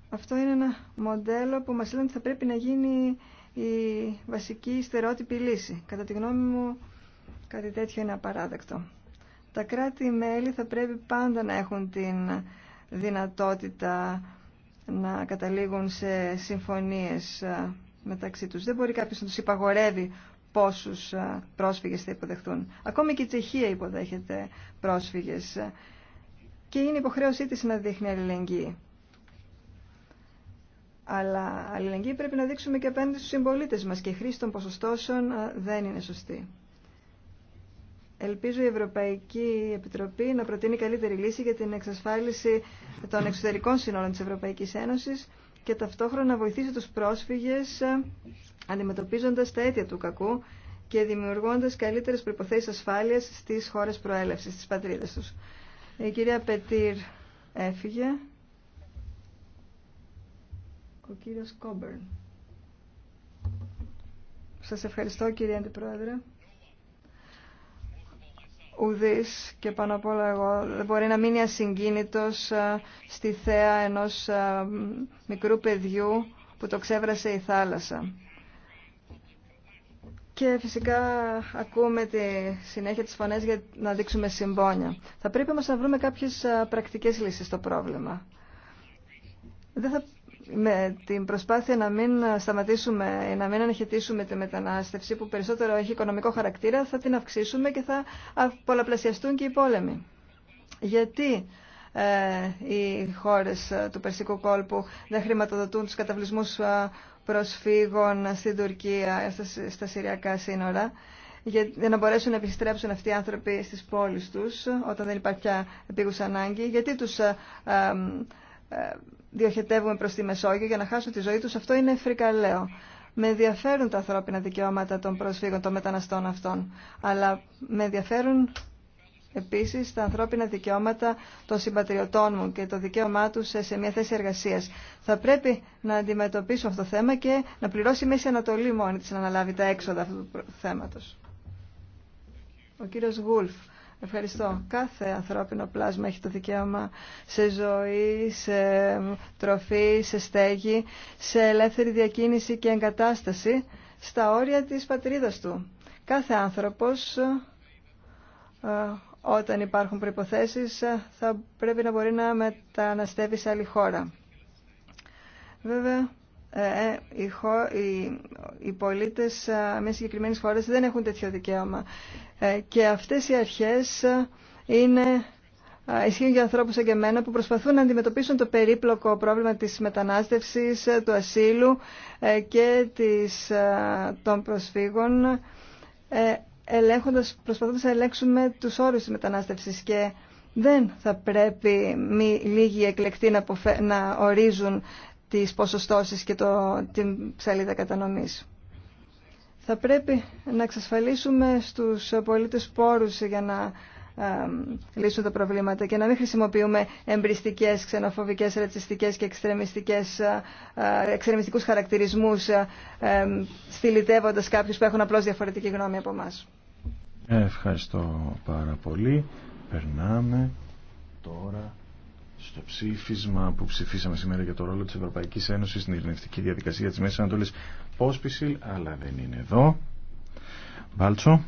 Αυτό είναι ένα μοντέλο που μας λένε ότι θα πρέπει να γίνει η βασική στερεότυπη λύση. Κατά τη γνώμη μου κάτι τέτοιο είναι απαράδεκτο. Τα κράτη-μέλη θα πρέπει πάντα να έχουν την δυνατότητα να καταλήγουν σε συμφωνίες ε, μεταξύ τους. Δεν μπορεί κάποιος να τους υπαγορεύει πόσους ε, πρόσφυγες θα υποδεχτούν. Ακόμη και η Τσεχία υποδέχεται πρόσφυγες και είναι υποχρέωσή της να δείχνει αλληλεγγύη. Αλλά αλληλεγγύη πρέπει να δείξουμε και απέναντι στους συμπολίτε μας και η χρήση των ποσοστώσεων ε, δεν είναι σωστή. Ελπίζω η Ευρωπαϊκή Επιτροπή να προτείνει καλύτερη λύση για την εξασφάλιση των εξωτερικών σύνορων της Ευρωπαϊκής Ένωσης και ταυτόχρονα να βοηθήσει τους πρόσφυγες ε, αντιμετωπίζοντας τα αίτια του κακού και δημιουργώντας καλύτερες προϋποθέσεις ασφάλειας στις χώρες προέλευσης, στις πατρίδες τους. Η κυρία Πετήρ έφυγε. Ο κύριος Κόμπερν. Σας ευχαριστώ κύριε Αντιπρόεδρε ουδής και πάνω απ' όλα εγώ μπορεί να μείνει ασυγκίνητος ε, στη θέα ενός ε, μικρού παιδιού που το ξέβρασε η θάλασσα. Και φυσικά ακούμε τη συνέχεια της φωνές για να δείξουμε συμπόνια. Θα πρέπει όμως να βρούμε κάποιες ε, πρακτικές λύσεις στο πρόβλημα. Δεν θα με την προσπάθεια να μην σταματήσουμε, να μην αναχαιτήσουμε τη μετανάστευση που περισσότερο έχει οικονομικό χαρακτήρα, θα την αυξήσουμε και θα πολλαπλασιαστούν και οι πόλεμοι. Γιατί ε, οι χώρες του Περσικού κόλπου δεν χρηματοδοτούν τους καταβλισμούς ε, προσφύγων στην Τουρκία, στα, στα Συριακά σύνορα, για να μπορέσουν να επιστρέψουν αυτοί οι άνθρωποι στις πόλεις τους όταν δεν υπάρχει πια επίγουσα ανάγκη, γιατί τους ε, ε, ε, διοχετεύουμε προς τη Μεσόγειο για να χάσουν τη ζωή τους, αυτό είναι φρικαλαίο. Με ενδιαφέρουν τα ανθρώπινα δικαιώματα των προσφύγων, των μεταναστών αυτών, αλλά με ενδιαφέρουν επίσης τα ανθρώπινα δικαιώματα των συμπατριωτών μου και το δικαίωμά τους σε μια θέση εργασίας. Θα πρέπει να αντιμετωπίσω αυτό το θέμα και να πληρώσει η Μέση Ανατολή μόνη της να αναλάβει τα έξοδα αυτού του θέματος. Ο κύριος Γούλφ. Ευχαριστώ. Κάθε ανθρώπινο πλάσμα έχει το δικαίωμα σε ζωή, σε τροφή, σε στέγη, σε ελεύθερη διακίνηση και εγκατάσταση στα όρια της πατρίδας του. Κάθε άνθρωπος, ε, όταν υπάρχουν προϋποθέσεις, ε, θα πρέπει να μπορεί να μεταναστεύει σε άλλη χώρα. Βέβαια, ε, ε, οι πολίτες ε, μια συγκεκριμένη χώρα δεν έχουν τέτοιο δικαίωμα. Και αυτές οι αρχές είναι ισχύουν για ανθρώπους σαν και εμένα που προσπαθούν να αντιμετωπίσουν το περίπλοκο πρόβλημα της μετανάστευσης, του ασύλου και της, των προσφύγων, ελέγχοντας, προσπαθώντας να ελέγξουμε τους όρους τη μετανάστευσης Και δεν θα πρέπει μη λίγοι εκλεκτοί να, ορίζουν τις ποσοστώσεις και το, την ψαλίδα κατανομής. Θα πρέπει να εξασφαλίσουμε στους πολίτες πόρους για να λύσουν τα προβλήματα και να μην χρησιμοποιούμε εμπριστικές, ξενοφοβικές, ρατσιστικές και εξτρεμιστικές, ε, ε, εξτρεμιστικούς χαρακτηρισμούς ε, στυλιτεύοντας κάποιους που έχουν απλώς διαφορετική γνώμη από μας. Ευχαριστώ πάρα πολύ. Περνάμε τώρα στο ψήφισμα που ψηφίσαμε σήμερα για το ρόλο της Ευρωπαϊκής Ένωσης στην ειρηνευτική διαδικασία της Μέσης Ανατολής Πόσπισιλ, αλλά δεν είναι εδώ. Μπάλτσο.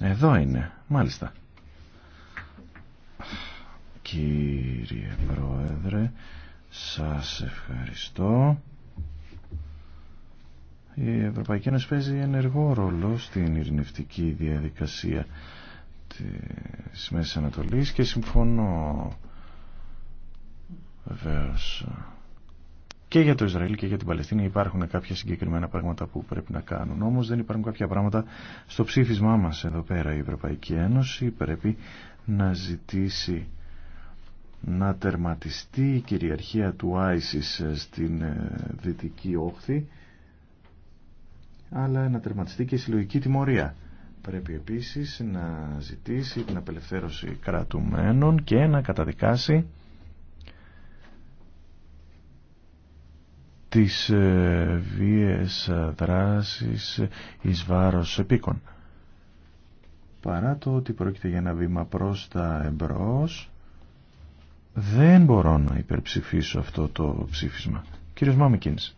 Εδώ είναι, μάλιστα. Κύριε Πρόεδρε, σας ευχαριστώ. Η Ευρωπαϊκή Ένωση παίζει ενεργό ρόλο στην ειρηνευτική διαδικασία της Μέσης Ανατολής και συμφωνώ βεβαίω. και για το Ισραήλ και για την Παλαιστίνη υπάρχουν κάποια συγκεκριμένα πράγματα που πρέπει να κάνουν όμως δεν υπάρχουν κάποια πράγματα στο ψήφισμά μας εδώ πέρα η Ευρωπαϊκή Ένωση πρέπει να ζητήσει να τερματιστεί η κυριαρχία του Άισις στην ε, δυτική όχθη αλλά να τερματιστεί και η συλλογική τιμωρία Πρέπει επίσης να ζητήσει την απελευθέρωση κρατουμένων και να καταδικάσει τις ε, βίες δράσεις εις βάρος επίκων. Παρά το ότι πρόκειται για ένα βήμα προς τα εμπρός, δεν μπορώ να υπερψηφίσω αυτό το ψήφισμα. Κύριος Μάμικινς.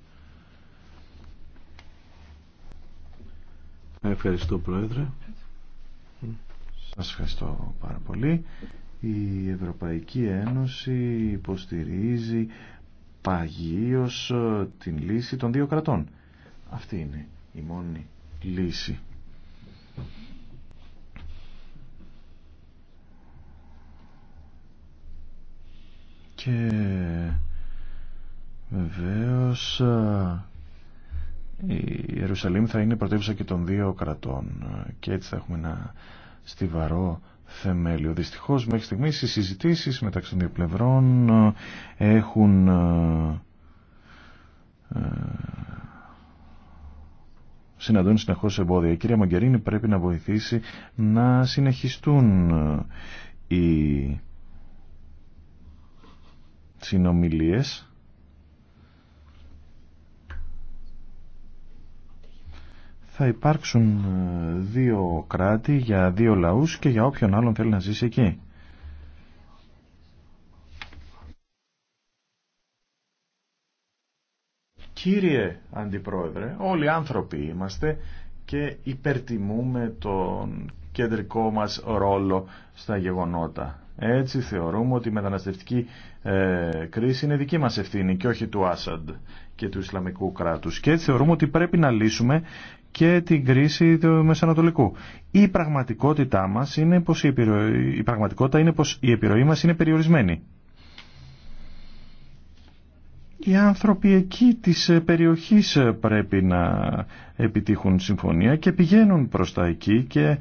Ευχαριστώ Πρόεδρε. Σας ευχαριστώ πάρα πολύ. Η Ευρωπαϊκή Ένωση υποστηρίζει παγίως ε, την λύση των δύο κρατών. Αυτή είναι η μόνη λύση. Και βεβαίως ε, η Ιερουσαλήμ θα είναι πρωτεύουσα και των δύο κρατών και έτσι θα έχουμε ένα στιβαρό θεμέλιο. Δυστυχώς μέχρι στιγμής οι συζητήσεις μεταξύ των δύο πλευρών ε, έχουν ε, ε, συναντούν συνεχώς εμπόδια. Η κυρία Μαγκερίνη πρέπει να βοηθήσει να συνεχιστούν οι συνομιλίες θα υπάρξουν ε, δύο κράτη για δύο λαούς και για όποιον άλλον θέλει να ζήσει εκεί. Κύριε Αντιπρόεδρε, όλοι άνθρωποι είμαστε και υπερτιμούμε τον κεντρικό μας ρόλο στα γεγονότα. Έτσι θεωρούμε ότι η μεταναστευτική ε, κρίση είναι δική μας ευθύνη και όχι του Άσαντ και του Ισλαμικού κράτους. Και έτσι θεωρούμε ότι πρέπει να λύσουμε και την κρίση του Μεσανατολικού. Η πραγματικότητά μας είναι πως η, επιρροή, η πραγματικότητα είναι πως η επιρροή μας είναι περιορισμένη. Οι άνθρωποι εκεί της περιοχής πρέπει να επιτύχουν συμφωνία και πηγαίνουν προς τα εκεί και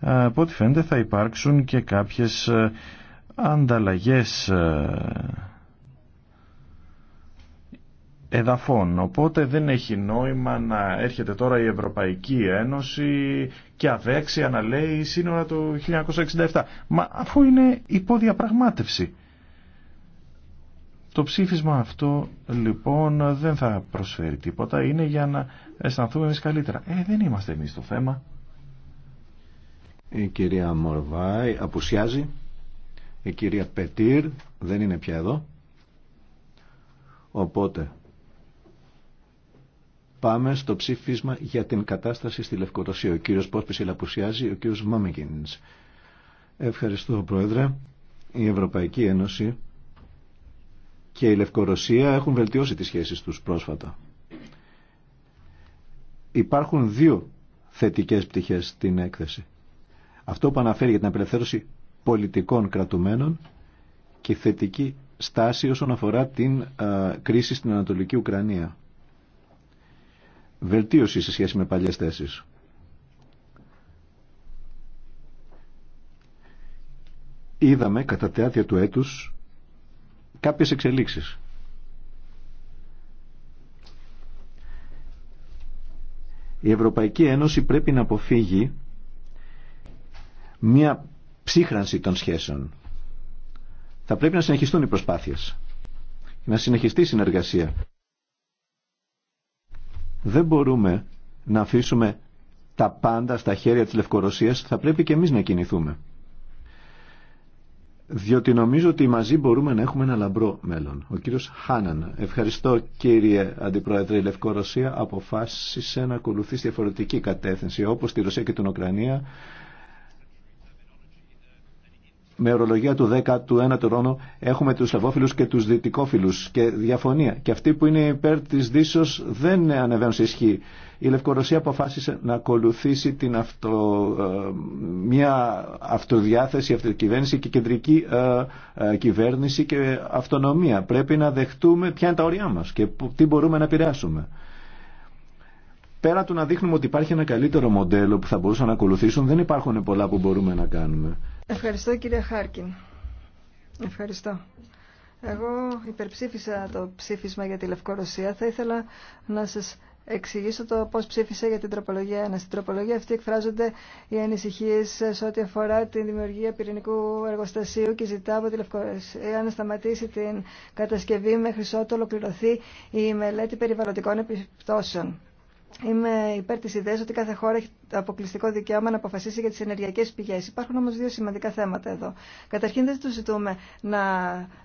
από ό,τι φαίνεται θα υπάρξουν και κάποιες ανταλλαγές εδαφών. Οπότε δεν έχει νόημα να έρχεται τώρα η Ευρωπαϊκή Ένωση και αδέξια να λέει σύνορα του 1967. Μα αφού είναι υποδιαπραγμάτευση. Το ψήφισμα αυτό λοιπόν δεν θα προσφέρει τίποτα. Είναι για να αισθανθούμε εμείς καλύτερα. Ε, δεν είμαστε εμείς το θέμα. Η κυρία Μορβάη απουσιάζει. Η κυρία Πετήρ δεν είναι πια εδώ. Οπότε Πάμε στο ψήφισμα για την κατάσταση στη Λευκορωσία. Ο κύριος Πόσπης απουσιάζει, ο κύριος Μάμικινς. Ευχαριστώ, Πρόεδρε. Η Ευρωπαϊκή Ένωση και η Λευκορωσία έχουν βελτιώσει τις σχέσεις τους πρόσφατα. Υπάρχουν δύο θετικές πτυχές στην έκθεση. Αυτό που αναφέρει για την απελευθέρωση πολιτικών κρατουμένων και θετική στάση όσον αφορά την κρίση στην Ανατολική Ουκρανία βελτίωση σε σχέση με παλιές θέσεις. Είδαμε κατά τεάτια του έτους κάποιες εξελίξεις. Η Ευρωπαϊκή Ένωση πρέπει να αποφύγει μια ψύχρανση των σχέσεων. Θα πρέπει να συνεχιστούν οι προσπάθειες. Να συνεχιστεί η συνεργασία. Δεν μπορούμε να αφήσουμε τα πάντα στα χέρια της Λευκορωσίας, θα πρέπει και εμείς να κινηθούμε. Διότι νομίζω ότι μαζί μπορούμε να έχουμε ένα λαμπρό μέλλον. Ο κύριος Χάναν, ευχαριστώ κύριε Αντιπρόεδρε, η Λευκορωσία αποφάσισε να ακολουθήσει διαφορετική κατεύθυνση, όπως τη Ρωσία και την Ουκρανία με ορολογία του 1 ου αιώνα έχουμε τους Λευόφιλους και τους Δυτικόφιλους και διαφωνία. Και αυτοί που είναι υπέρ της Δύσεως δεν ανεβαίνουν σε ισχύ. Η Λευκορωσία αποφάσισε να ακολουθήσει την αυτο, ε, μια αυτοδιάθεση, αυτοκυβέρνηση και κεντρική ε, ε, κυβέρνηση και αυτονομία. Πρέπει να δεχτούμε ποια είναι τα όρια μας και τι μπορούμε να επηρεάσουμε. Πέρα του να δείχνουμε ότι υπάρχει ένα καλύτερο μοντέλο που θα μπορούσαν να ακολουθήσουν, δεν υπάρχουν πολλά που μπορούμε να κάνουμε. Ευχαριστώ κύριε Χάρκιν. Ευχαριστώ. Εγώ υπερψήφισα το ψήφισμα για τη Λευκορωσία. Θα ήθελα να σας εξηγήσω το πώς ψήφισα για την τροπολογία 1. Στην τροπολογία αυτή εκφράζονται οι ανησυχίε σε ό,τι αφορά τη δημιουργία πυρηνικού εργοστασίου και ζητά από τη Λευκορωσία να σταματήσει την κατασκευή μέχρι ότου ολοκληρωθεί η μελέτη περιβαλλοντικών επιπτώσεων. Είμαι υπέρ τη ιδέα ότι κάθε χώρα έχει αποκλειστικό δικαίωμα να αποφασίσει για τι ενεργειακέ πηγέ. Υπάρχουν όμω δύο σημαντικά θέματα εδώ. Καταρχήν δεν του ζητούμε να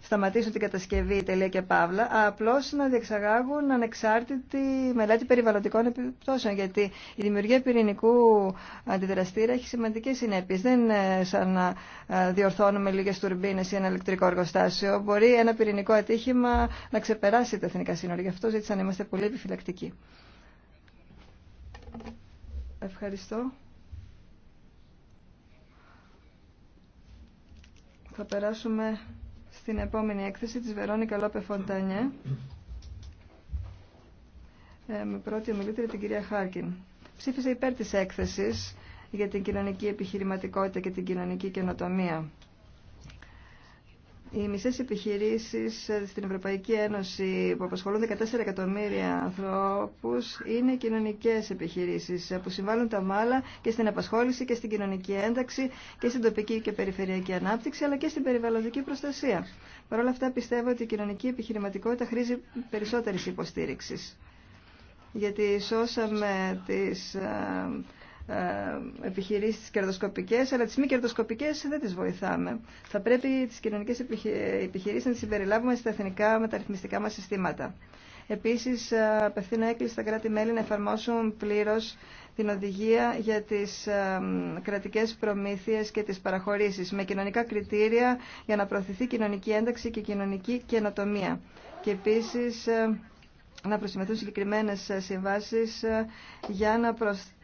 σταματήσουν την κατασκευή τελεία και παύλα, απλώ να διεξαγάγουν ανεξάρτητη μελέτη περιβαλλοντικών επιπτώσεων. Γιατί η δημιουργία πυρηνικού αντιδραστήρα έχει σημαντικέ συνέπειε. Δεν είναι σαν να ε, διορθώνουμε λίγε τουρμπίνε ή ένα ηλεκτρικό εργοστάσιο. Μπορεί ένα πυρηνικό ατύχημα να ξεπεράσει τα εθνικά σύνορα. Γι' αυτό ζήτησα να είμαστε πολύ επιφυλακτικοί. Ευχαριστώ. Θα περάσουμε στην επόμενη έκθεση της Βερόνικα Λόπε Φοντανιέ ε, με πρώτη ομιλήτρια την κυρία Χάρκιν. Ψήφισε υπέρ της έκθεσης για την κοινωνική επιχειρηματικότητα και την κοινωνική καινοτομία. Οι μισές επιχειρήσει ε, στην Ευρωπαϊκή Ένωση που απασχολούν 14 εκατομμύρια ανθρώπου είναι κοινωνικές επιχειρήσεις ε, που συμβάλλουν τα μάλα και στην απασχόληση και στην κοινωνική ένταξη και στην τοπική και περιφερειακή ανάπτυξη αλλά και στην περιβαλλοντική προστασία. Παρ' όλα αυτά πιστεύω ότι η κοινωνική επιχειρηματικότητα χρήζει περισσότερη υποστήριξη. γιατί σώσαμε τις ε, ε, επιχειρήσεις τι κερδοσκοπικές, αλλά τις μη κερδοσκοπικέ δεν τις βοηθάμε. Θα πρέπει τις κοινωνικέ επιχειρήσεις να τι συμπεριλάβουμε στα εθνικά μεταρρυθμιστικά μα συστήματα. Επίσης, ε, απευθύνω έκκληση στα κράτη-μέλη να εφαρμόσουν πλήρως την οδηγία για τις ε, κρατικές προμήθειες και τις παραχωρήσει με κοινωνικά κριτήρια για να προωθηθεί κοινωνική ένταξη και κοινωνική καινοτομία. Και επίσης, να προσυμμεθούν συγκεκριμένε ε, συμβάσει ε,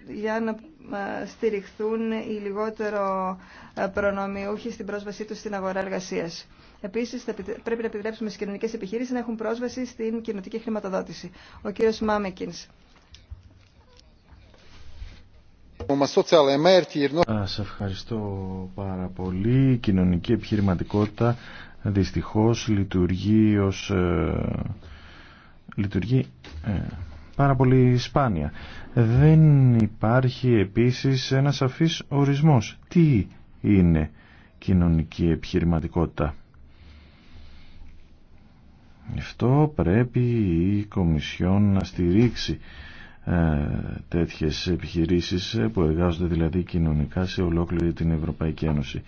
για να, ε, στηριχθούν οι λιγότερο προνομιούχοι στην πρόσβασή του στην αγορά εργασίας. Επίσης, πρέπει να επιτρέψουμε στις κοινωνικέ επιχείρησεις να έχουν πρόσβαση στην κοινωτική χρηματοδότηση. Ο κύριος Μάμεκινς. Σας ευχαριστώ πάρα πολύ. Η κοινωνική επιχειρηματικότητα δυστυχώς λειτουργεί ως λειτουργεί ε, πάρα πολύ σπάνια. Δεν υπάρχει επίσης ένα σαφής ορισμός. Τι είναι κοινωνική επιχειρηματικότητα. Αυτό πρέπει η Κομισιόν να στηρίξει ε, τέτοιες επιχειρήσεις που εργάζονται δηλαδή κοινωνικά σε ολόκληρη την Ευρωπαϊκή Ένωση.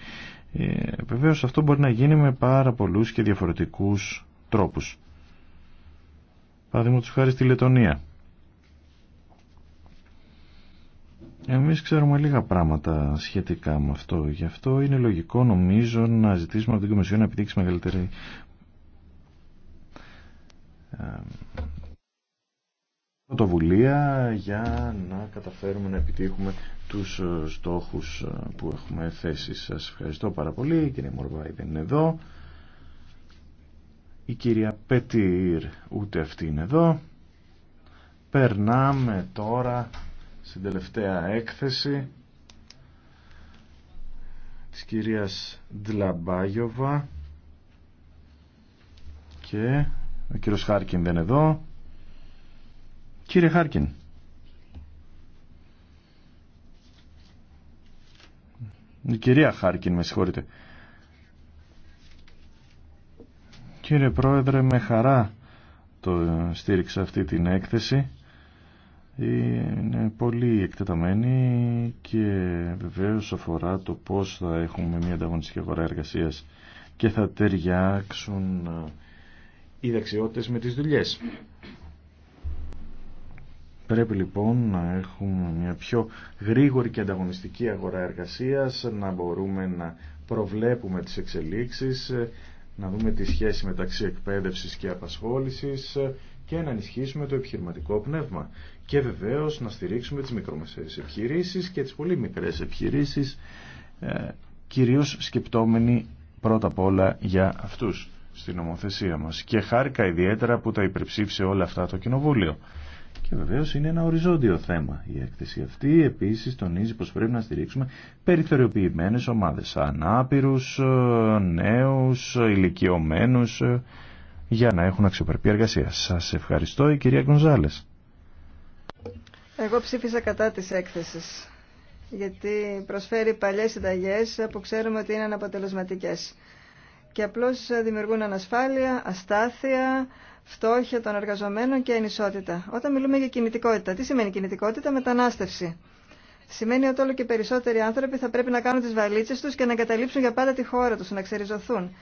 Ε, αυτό μπορεί να γίνει με πάρα πολλούς και διαφορετικούς τρόπους. Παραδείγματος χάρη στη Λετωνία. Εμείς ξέρουμε λίγα πράγματα σχετικά με αυτό. Γι' αυτό είναι λογικό νομίζω να ζητήσουμε από την Κομισιόν να επιτύξει μεγαλύτερη ε, πρωτοβουλία για να καταφέρουμε να επιτύχουμε τους ε, στόχους ε, που έχουμε θέσει. Σας ευχαριστώ πάρα πολύ. Η κυρία Μορβάη δεν είναι εδώ. Η κυρία Πετήρ ούτε αυτή είναι εδώ. Περνάμε τώρα στην τελευταία έκθεση της κυρίας Ντλαμπάγιοβα και ο κύριος Χάρκιν δεν είναι εδώ. Κύριε Χάρκιν. Η κυρία Χάρκιν, με συγχωρείτε. Κύριε Πρόεδρε, με χαρά το στήριξα αυτή την έκθεση. Είναι πολύ εκτεταμένη και βεβαίω αφορά το πώς θα έχουμε μια ανταγωνιστική αγορά εργασίας και θα ταιριάξουν ε, οι δεξιότητες με τις δουλειές. Πρέπει λοιπόν να έχουμε μια πιο γρήγορη και ανταγωνιστική αγορά εργασίας, να μπορούμε να προβλέπουμε τις εξελίξεις ε, να δούμε τη σχέση μεταξύ εκπαίδευσης και απασχόλησης και να ενισχύσουμε το επιχειρηματικό πνεύμα. Και βεβαίως να στηρίξουμε τις μικρομεσαίες επιχειρήσεις και τις πολύ μικρές επιχειρήσεις, ε, κυρίως σκεπτόμενοι πρώτα απ' όλα για αυτούς στην νομοθεσία μας. Και χάρηκα ιδιαίτερα που τα υπερψήφισε όλα αυτά το Κοινοβούλιο. Και βεβαίως είναι ένα οριζόντιο θέμα. Η έκθεση αυτή επίσης τονίζει πως πρέπει να στηρίξουμε περιθωριοποιημένες ομάδες, ανάπηρους, ε, νέους, ηλικιωμένους, ε, για να έχουν αξιοπρεπή εργασία. Σας ευχαριστώ η κυρία Γκονζάλες. Εγώ ψήφισα κατά της έκθεσης, γιατί προσφέρει παλιές συνταγές που ξέρουμε ότι είναι αναποτελεσματικές και απλώς δημιουργούν ανασφάλεια, αστάθεια, φτώχεια των εργαζομένων και ανισότητα. Όταν μιλούμε για κινητικότητα, τι σημαίνει κινητικότητα, μετανάστευση. Σημαίνει ότι όλο και περισσότεροι άνθρωποι θα πρέπει να κάνουν τις βαλίτσες τους και να εγκαταλείψουν για πάντα τη χώρα τους, να ξεριζωθούν.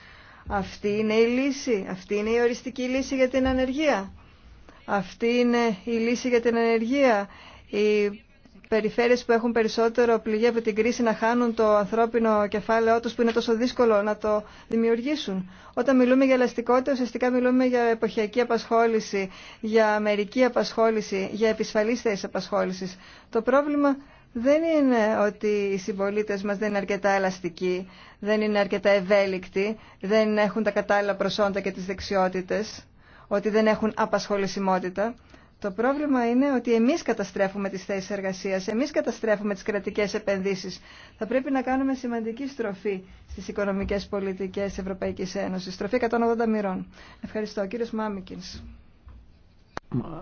Αυτή είναι η λύση, αυτή είναι η οριστική λύση για την ανεργία. Αυτή είναι η λύση για την ανεργία, η περιφέρειες που έχουν περισσότερο πληγή από την κρίση να χάνουν το ανθρώπινο κεφάλαιό τους που είναι τόσο δύσκολο να το δημιουργήσουν. Όταν μιλούμε για ελαστικότητα ουσιαστικά μιλούμε για εποχιακή απασχόληση, για μερική απασχόληση, για επισφαλείς θέσης απασχόλησης. Το πρόβλημα δεν είναι ότι οι συμπολίτε μας δεν είναι αρκετά ελαστικοί, δεν είναι αρκετά ευέλικτοι, δεν έχουν τα κατάλληλα προσόντα και τις δεξιότητες, ότι δεν έχουν απασχολησιμότητα. Το πρόβλημα είναι ότι εμείς καταστρέφουμε τις θέσεις εργασίας, εμείς καταστρέφουμε τις κρατικές επενδύσεις. Θα πρέπει να κάνουμε σημαντική στροφή στις οικονομικές πολιτικές της Ευρωπαϊκής Ένωσης. Στροφή 180 μοιρών. Ευχαριστώ. Κύριος Μάμικινς.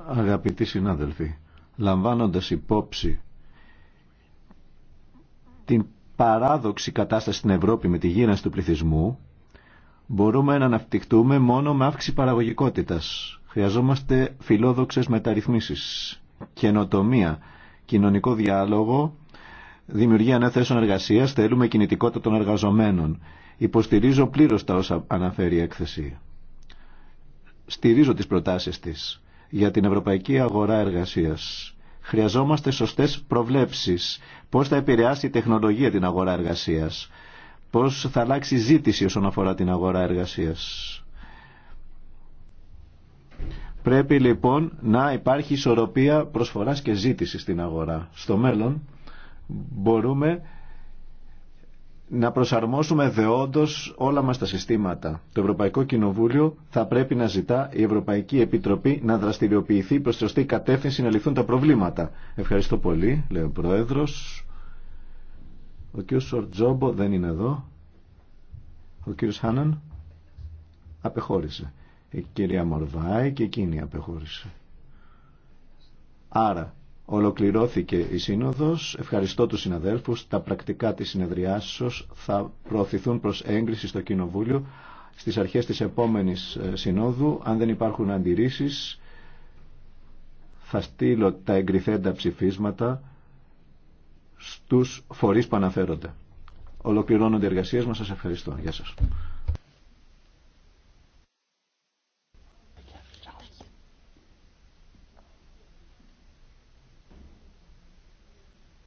Αγαπητοί συνάδελφοι, λαμβάνοντας υπόψη την παράδοξη κατάσταση στην Ευρώπη με τη γύρανση του πληθυσμού, μπορούμε να αναπτυχτούμε μόνο με αύξηση παραγωγικότητας Χρειαζόμαστε φιλόδοξες μεταρρυθμίσεις, καινοτομία, κοινωνικό διάλογο, δημιουργία νέων θέσεων εργασία, θέλουμε κινητικότητα των εργαζομένων. Υποστηρίζω πλήρως τα όσα αναφέρει η έκθεση. Στηρίζω τις προτάσεις της για την ευρωπαϊκή αγορά εργασίας. Χρειαζόμαστε σωστές προβλέψεις. Πώς θα επηρεάσει η τεχνολογία την αγορά εργασίας. Πώς θα αλλάξει η ζήτηση όσον αφορά την αγορά εργασίας. Πρέπει λοιπόν να υπάρχει ισορροπία προσφοράς και ζήτησης στην αγορά. Στο μέλλον μπορούμε να προσαρμόσουμε δεόντως όλα μας τα συστήματα. Το Ευρωπαϊκό Κοινοβούλιο θα πρέπει να ζητά η Ευρωπαϊκή Επιτροπή να δραστηριοποιηθεί προς τη σωστή κατεύθυνση να λυθούν τα προβλήματα. Ευχαριστώ πολύ, λέει ο Πρόεδρος. Ο κ. Σορτζόμπο δεν είναι εδώ. Ο κ. Χάναν απεχώρησε η κυρία Μορβάη και εκείνη απεχώρησε. Άρα, ολοκληρώθηκε η Σύνοδος. Ευχαριστώ τους συναδέλφους. Τα πρακτικά της συνεδριάσεως θα προωθηθούν προς έγκριση στο Κοινοβούλιο στις αρχές της επόμενης ε, Συνόδου. Αν δεν υπάρχουν αντιρρήσεις, θα στείλω τα εγκριθέντα ψηφίσματα στους φορείς που αναφέρονται. Ολοκληρώνονται οι εργασίες μας. Σας ευχαριστώ. Γεια